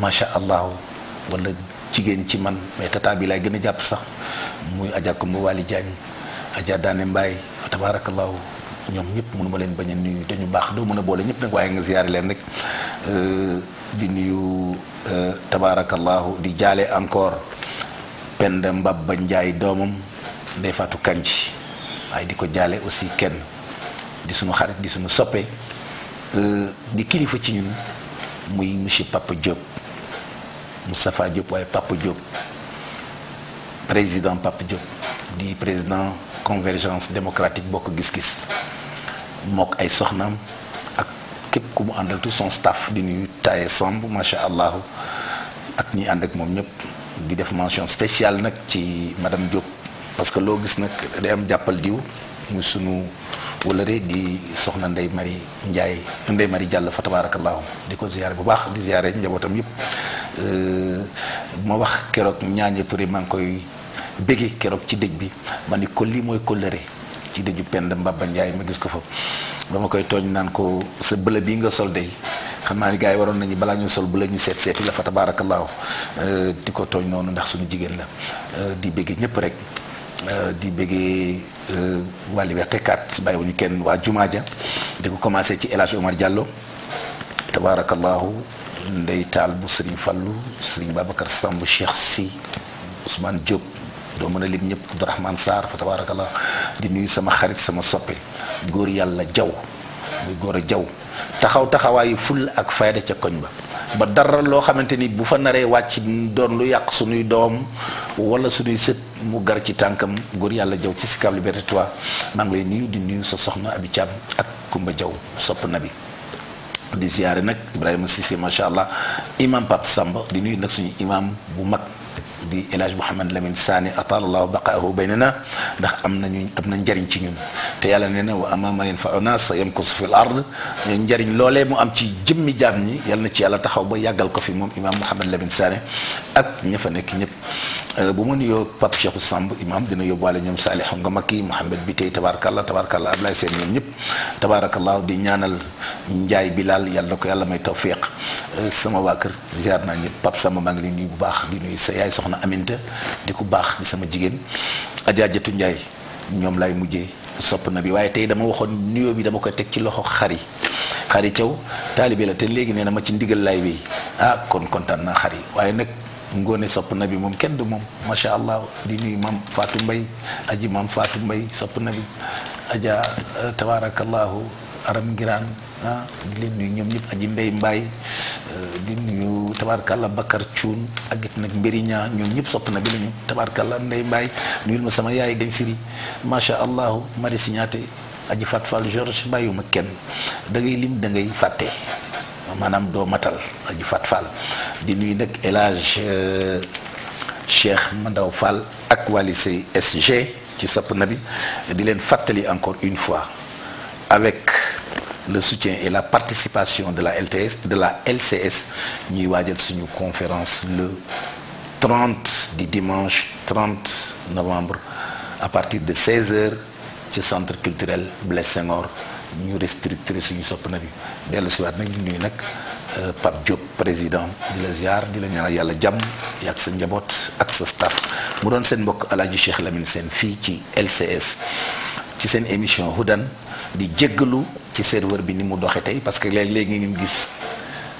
macha allah wala jigéen ci man mais tata bi lay gën a jàpp sax muy Adja Kumba Wali Diagne Adja Daane Mbaye fa tabaarakallaahu ñoom ñëpp mënu ma leen bañ a nuyu dañu baax doo mën a boole ñëpp nag waaye nga ziyaare leen rek euh, di nuyu euh, tabaarakallaahu di jaale encore Penda Mbab ba Njaay doomam des Fatou d'aller aussi aussi kenn di sunu xarit di soppé euh di kilifa ci ñun muy monsieur Papa Diop mustapha Diop way Papa Diop président Papa Diop di président convergence démocratique bokk gis-gis mok ay ak tout son staff di nuyu Taye Samb ak ñi and ak mom ñep di def mention spéciale madame Diop. parce que loo gis nag day am jàppal diw muy sunu wëlëre di soxna Ndeye Marie Ndiaye Ndeye Marie Diallo fa tabaarakallaahu di ko ziyaare bu baax di ziyaare njabootam yëpp euh, ma wax keroog ñaañe Touré maa ngi koy béggee keroog ci dëj bi ma ni ko lii mooy kóllëre ci dëju Penda Mbaba Ndiaye ma gis ko fa dama koy tooñ naan ko sa bële bii nga sol dey xam naa ni gars yi waroon nañu balaa ñu sol bu ñu seet seeti la fa tabaarakallaahu euh, di ko tooñ noonu ndax suñu jigéen la euh, di béggee ñëpp rek Euh, di bëggee euh, waa Liberté 4 bàyyiwuñu kenn waa Jumaa ja di ko commencé ci El Hadj Omar Diallo tabaarakallaahu ndey taal bu Serigne Fallou Serigne Babacar Samb Cheikh si Ousmane Diop doo mën a lim ñëpp Abdourahmane Sarr fa tabaarakallaahu di nuyu sama xarit sama soppe góor yàlla jaw muy góor a jaw taxaw taxawaayu ful ak fayda ca koñ ba ba dara loo xamante ni bu fa naree wàcc doon lu yàq suñuy doom wala suñuy sët mu gar ci tànkam góor yàlla jaw ci Sicap Liberté 3 maa ngi lay nuyu di nuyu sa soxna Abi Thiam ak Kumba Jaw sopp na bi di ziyaare nag Ibrahima Cissé macha allah imam Pape Samba di nuyu nag suñu imam bu mag di El Hadj Mouhamed Lamine Sané atal allahu baqaahu baynana ndax am nañu am na njariñ ci ñun te yàlla nee na wa ama ma yanfauna sa yamkus fil ard njariñ loolee mu am ci jëmmi jaam ñi yàlla na ci yàlla taxaw ba yàggal ko fi moom imam Mouhamed Lamine Sané ak ña fa nekk ñëpp Euh, bu ma nuyoo Pape Cheikh Samb imam dina yóbbaale ñoom Salih xam nga Makki Mouhamed bi tey tabaarakallah tabaarakallah Ablaye Seen ñoom ñëpp tabaarakallah di ñaanal Njaay laal yàlla ko yàlla may tawfiq euh, sama waa kër ziar naa ñëpp Pape sama mag ngi lay nuyu bu baax di nuyu sa yaay soxna Aminta di ku baax di sama jigéen Adja Jatu Njaay ñoom lay mujjee sopp na bi waaye tey dama waxoon nuyoo bi dama koy teg ci loxo xari xari caw taalibe la te léegi nee na ma ci ndigal laay wéy ah, kon kontaan ngoone sopp na bi moom kenn du moom macha allah di nuyu maam Fatou mbay aji maam faatu mbay sopp na bi aja eh, tabarakallahu aram ngiraan ah, di leen nuyu ñoom ñëpp aji mbay mbaay eh, di nuyu tabarkalla Bakar Cuun ak it nag mbiriña ñoom ñëpp sopp na bi lañu tabarkalla ndey mbaay nuyul ma sama yaay gañ siri macha allah mari siñaate aji Fat Fall George bàyyiwuma kenn dangay ngay lim fàtte Madame Do matal aji fat di euh, Cheikh SG qui di encore une fois avec le soutien et la participation de la LTS de la LCS nous avons une conférence le 30 du dimanche 30 novembre à partir de 16 h au centre culturel Blessing Or. ñu restructuré suñu sopp na bi dellu siwaat nag di nuyu nag euh, Pape Diop président di la ziar di la ñaanal yàlla jàmm ak sa njaboot ak sa staff mu doon seen mbokk alaaji Cheikh Lamine seen fii ci LCS ci seen émission Hudan di jëggalu ci serveur bi ni mu doxe tey parce que léeg-léeg ngeen gis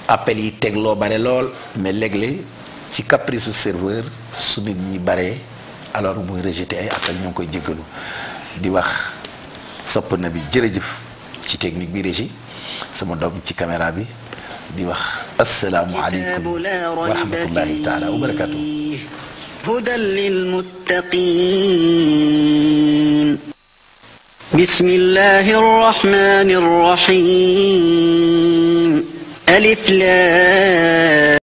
appel yi teg loo bare lool mais léeg ci caprice su serveur su nit ñi bare alors muy rejeté ay appel ñoo koy jéggalu di wax sopp na bi jërëjëf ci technique bi régie sama dom ci caméra bi di wax assalamu alaykum wa rahmatullahi taala wa barakatuh hudal lil muttaqin بسم الله الرحمن الرحيم ألف لام